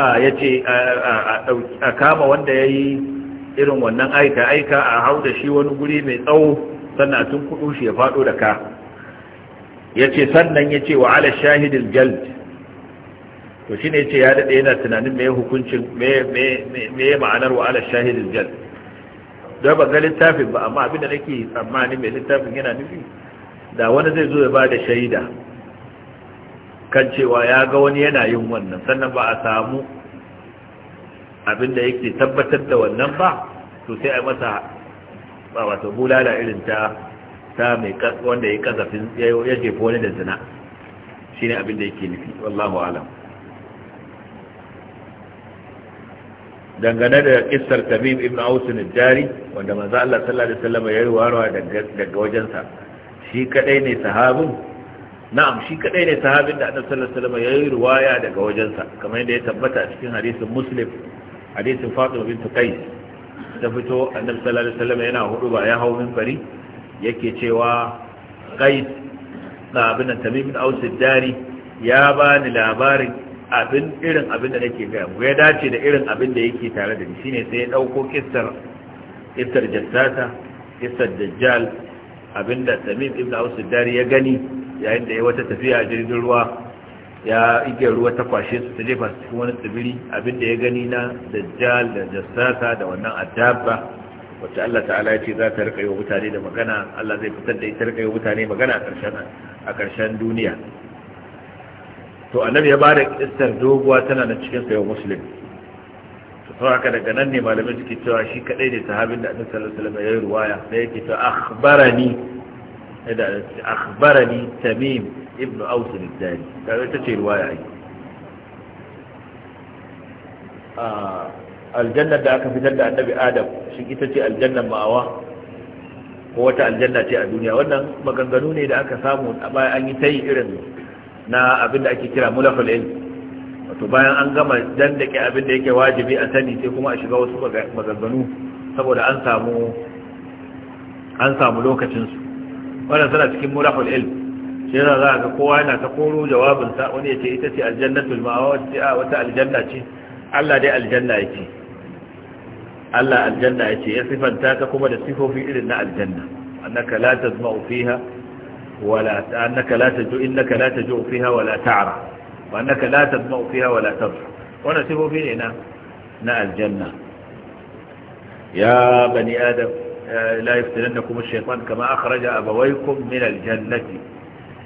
a kama wanda ya yi irin wannan aika-aika a hau da shi wani guri mai tsawo sannan a tun kudu shi ya faɗo da ka ce sannan yace wa ala shahidil jald to shine yace ya daɗe yana tunanin me hukuncin me me me ma'anar wa ala jald da ba ga littafin ba amma abinda nake tsammani mai littafin yana nufi da wani zai zo ya ba da shaida kan cewa ya ga wani yana yin wannan sannan ba a samu abinda yake tabbatar da wannan ba to sai a masa ba wato bulala irin ta ta mai wanda ya kazafin ya jefa wani da zina shine abinda yake nufi wallahu alam dangane da kissar tabib ibn ausin jari wanda manzo Allah sallallahu alaihi wasallam ya yi warwa daga wajensa shi kadai ne sahabin na'am shi kadai ne sahabin da annabi sallallahu alaihi wasallam yayi riwaya daga wajensa kamar yadda ya tabbata a cikin hadisin muslim hadisin fatima bint qais ta fito annabi sallallahu alaihi wasallam yana hudu ba ya hawo minbari yake cewa qais da abin tamim bin aus dari ya bani labarin abin irin abin da nake ga mu ya dace da irin abin da yake tare da ni shine sai ya dauko kissar kissar jassata kissar dajjal abinda tamim ibn aus dari ya gani yayin da ya wata tafiya jirgin ruwa ya ige ruwa ta kwashe su ta jefa cikin wani tsibiri abinda ya gani na dajjal da jassasa da wannan addabba wacce Allah ta'ala ya ce za ta rika yi wa mutane da magana Allah zai fitar da ita rika yi wa mutane magana a ƙarshen duniya to annabi ya bada kissar doguwa tana da cikin sayo musulmi sau haka daga nan ne malamai suke cewa shi kadai ne sahabin da annabi sallallahu alaihi ya yi ruwaya da yake cewa akhbarani da akhbarani tamim ibn aus dari dari zai ta ce ruwaya ai a aljannar da aka fitar da annabi adam shi ita ce aljannan ma'awa ko wata aljanna ce a duniya wannan maganganu ne da aka samu a baya an yi yi irin na abin da ake kira mulafal ilm wato bayan an gama dandake abin da yake wajibi a sani sai kuma a shiga wasu maganganu saboda an samu lokacinsu wannan suna cikin murahul ilm shi yana za ga kowa yana ta koro jawabinsa wani ya ce ita ce aljannatul ma'awa ah, wata aljanna ce Allah dai aljanna ya ce. Allah aljanna ya ce ya sifanta ta kuma da sifofi irin na aljanna annaka la tazma'u fiha wala annaka la taju innaka la taju fiha wala ta'ra wa annaka la tadma'u wa la tadhma sifofi ne na na aljanna ya bani adam eh, la da kuma shaytan kama akhraja abawaykum min al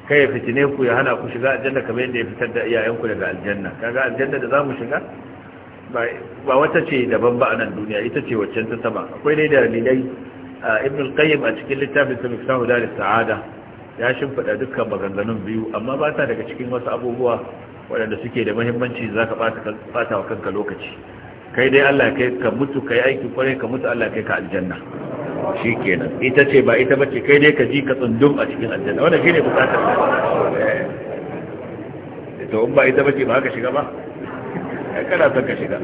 kai fitine ku ya hana ku shiga aljanna kamar yadda ya fitar da iyayenku daga aljanna kaga aljanna da zamu shiga ba wata ce daban ba a nan duniya ita ce waccan ta sama akwai dai dalilai ibn al-qayyim a cikin littafin sa miftahu dalis sa'ada ya shimfida dukkan maganganun biyu amma ba ta daga cikin wasu abubuwa waɗanda suke da mahimmanci za ka ɓata wa kanka lokaci kai dai Allah kai ka mutu kai aiki kwarai ka mutu Allah kai ka aljanna shi kenan ita ce ba ita bace kai dai ka ji ka tsundum a cikin aljanna wannan shine bukatar to in ba ita bace ba haka shiga ba kana son ka shiga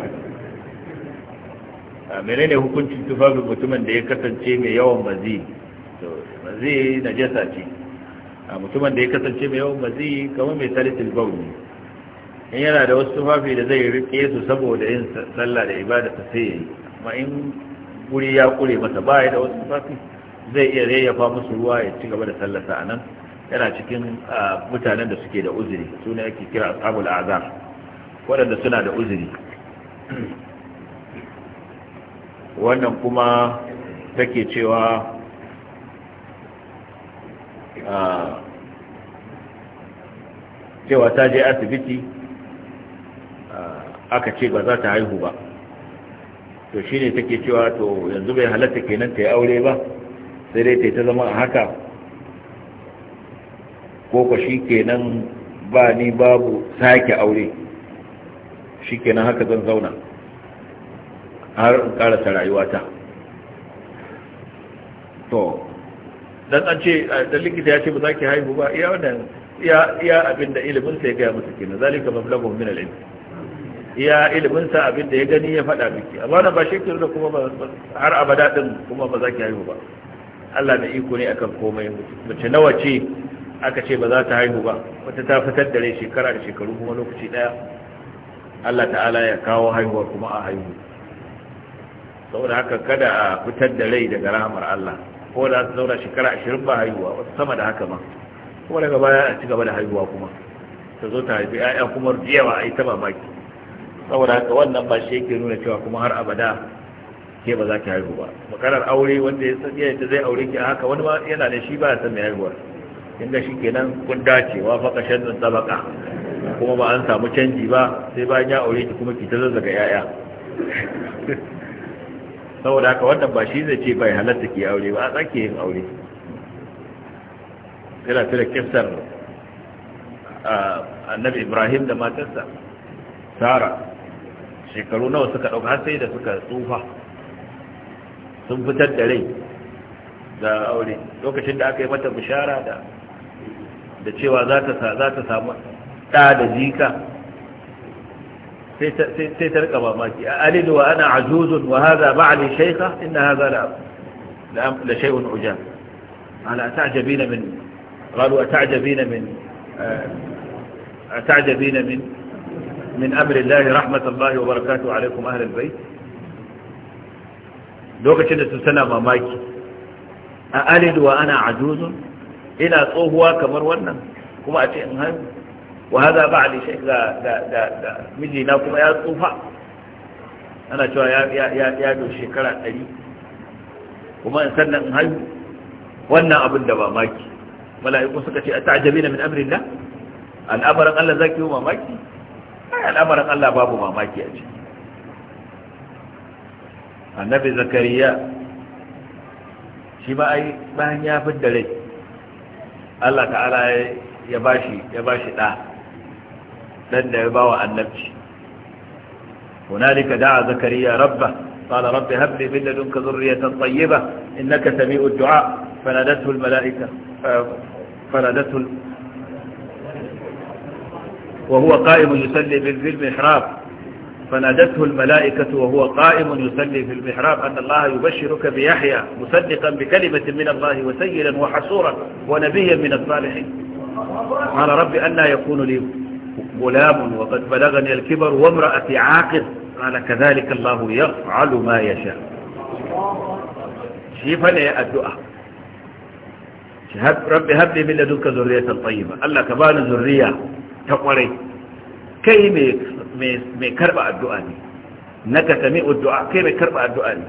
a ne hukuncin tufafin mutumin da ya kasance mai yawan mazi Mazi na jasa ce a mutumin da ya kasance mai yawan mazi kamar mai salisil bauni in yana da wasu tufafi da zai riƙe su saboda yin sallah da ibada ta sai yayi amma in guri ya kure masa ba ya da wasu tufafi zai iya rayyafa musu ruwa ya ci gaba da sallarsa anan yana cikin mutanen da suke da uzuri suna yake kira ashabul azar waɗanda suna da uzuri wannan kuma take cewa cewa ta je asibiti aka ce ba za ta haihu ba to shi ne take cewa to yanzu bai halatta kenan ta yi aure ba sai dai ta ta zama a haka ko ko shi kenan ba ni babu sake aure shi kenan haka zan zauna har in karasa rayuwata to dan an ce da likita ya ce ba za ki haihu ba iya wannan iya abinda ilimin sai ya gaya musu kenan zalika mablaghu min al-ilm ilimin sa abin da ya gani ya faɗa miki amma wannan ba shi ke da kuma har abada din kuma ba za ki haihu ba Allah mai iko ne akan komai mace nawa ce aka ce ba za ta haihu ba wata ta fitar da rai shekara da shekaru kuma lokaci daya Allah ta'ala ya kawo haihuwa kuma a haihu saboda haka kada a fitar da rai daga rahamar Allah ko da su zauna shekara ashirin ba haihuwa wasu sama da haka ma kuma daga baya a ci gaba da haihuwa kuma ta zo ta haifi 'ya'ya kuma yawa a yi ta mamaki saboda haka wannan ba shi yake nuna cewa kuma har abada ke ba za ki haihu ba makarar aure wanda ya tsaye ta zai aure ki haka wani ma yana da shi ba ya san mai In inda shi kenan kun dace wa faka shannin tabaka kuma ba an samu canji ba sai bayan ya aure ki kuma ki ta zazzaga yaya saboda haka wannan ba shi zai ce bai halatta ki aure ba a tsake yin aure yana fi da kisar ah, annabi ibrahim da matarsa sara shekaru nawa suka ɗauka har sai da suka tsufa sun fitar da rai da aure lokacin da aka yi mata bishara da da cewa za ta samu ɗa da jika sai ta rika mamaki a alidu wa ana ajuzun wa haza ba'ali shaika inna haza da shai'un ujan ala ta'jabina min qalu ta'jabina min ta'jabina min min amrillahi rahmatullahi wa barakatuhu alaikum ahlul bait lokacin da su tana mamaki a alidu wa ana ajuzun ina tsohuwa kamar wannan kuma a ce in haihu wa ba ali shek da mijina kuma ya tsufa ana cewa ya do shekara ɗari kuma in sannan in haihu wannan abin da mamaki mala'iku suka ce a ta'ajabina min amrillah al'amarin Allah zaki yi mamaki al'amarin Allah babu mamaki a ciki annabi zakariya shi ma ai bayan ya fidda rai Allah ta'ala ya bashi ya bashi da da ya bawa annabci hunalika da'a zakariya rabba قال رب هب لي من لدنك ذرية طيبة إنك سميع الدعاء فنادته الملائكة فنادته وهو قائم يصلي في المحراب فنادته الملائكة وهو قائم يصلي في المحراب أن الله يبشرك بيحيى مصدقا بكلمة من الله وسيدا وحسورا ونبيا من الصالحين قال ربي أن يكون لي غلام وقد بلغني الكبر وامرأتي عاقر قال كذلك الله يفعل ما يشاء شيفا يا الدعاء رب هب لي من لدنك ذرية طيبة الله كبان ذرية ta kwarai kai mai karba addu'a ne na ka sami addu'a kai mai karba addu'a ne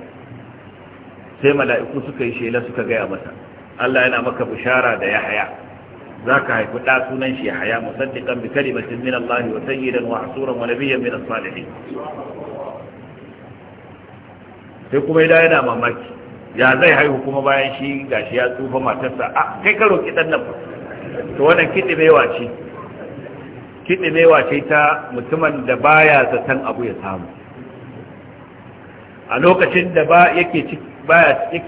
sai mala'iku suka yi shela suka gaya masa Allah yana maka bishara da yahaya za ka haifi ɗa sunan shi yahaya musaddiqan bi kalimatin min Allah wa sayyidan wa asuran wa nabiyyan min as-salihin sai kuma ya yana mamaki ya zai haihu kuma bayan shi gashi ya tsufa matarsa a ah, kai karo kiɗan dan nan to wannan kidi mai ce ne ce ta mutumin da baya zaton abu ya samu a lokacin da ba yake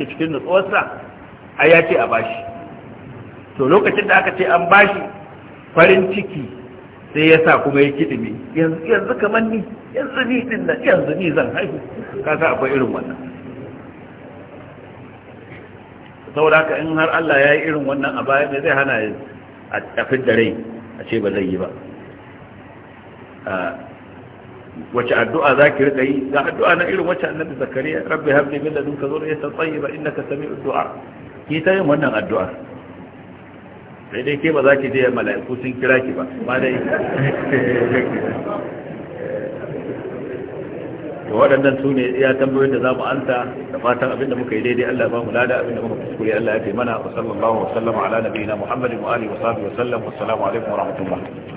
cikin nutsuwarsa a ya ce a bashi to lokacin da aka ce an bashi farin ciki sai ya sa kuma ya kiɗime yanzu kamar ni yanzu ni din nan yanzu ni zan haihu kasa akwai irin wannan saboda haka in har Allah ya yi irin wannan a baya ne zai hana a tafi da rai a ce ba zai yi ba wace addu'a za ki riƙa yi ga addu'a na irin wacce annabi zakariya rabbi habli min ka zo tsaye ba tayyiba innaka sami addu'a. ki ta yin wannan addu'a sai dai ke ba za ki je mala'iku sun kira ki ba ba dai waɗannan su ne ya tambayoyin da za mu anta da fatan abin da muka yi daidai Allah ba mu lada abin da muka kuskure Allah ya taimana wa sallallahu wa sallama ala na Muhammadin wa alihi wa sahbihi wa sallam wa assalamu alaikum wa rahmatullah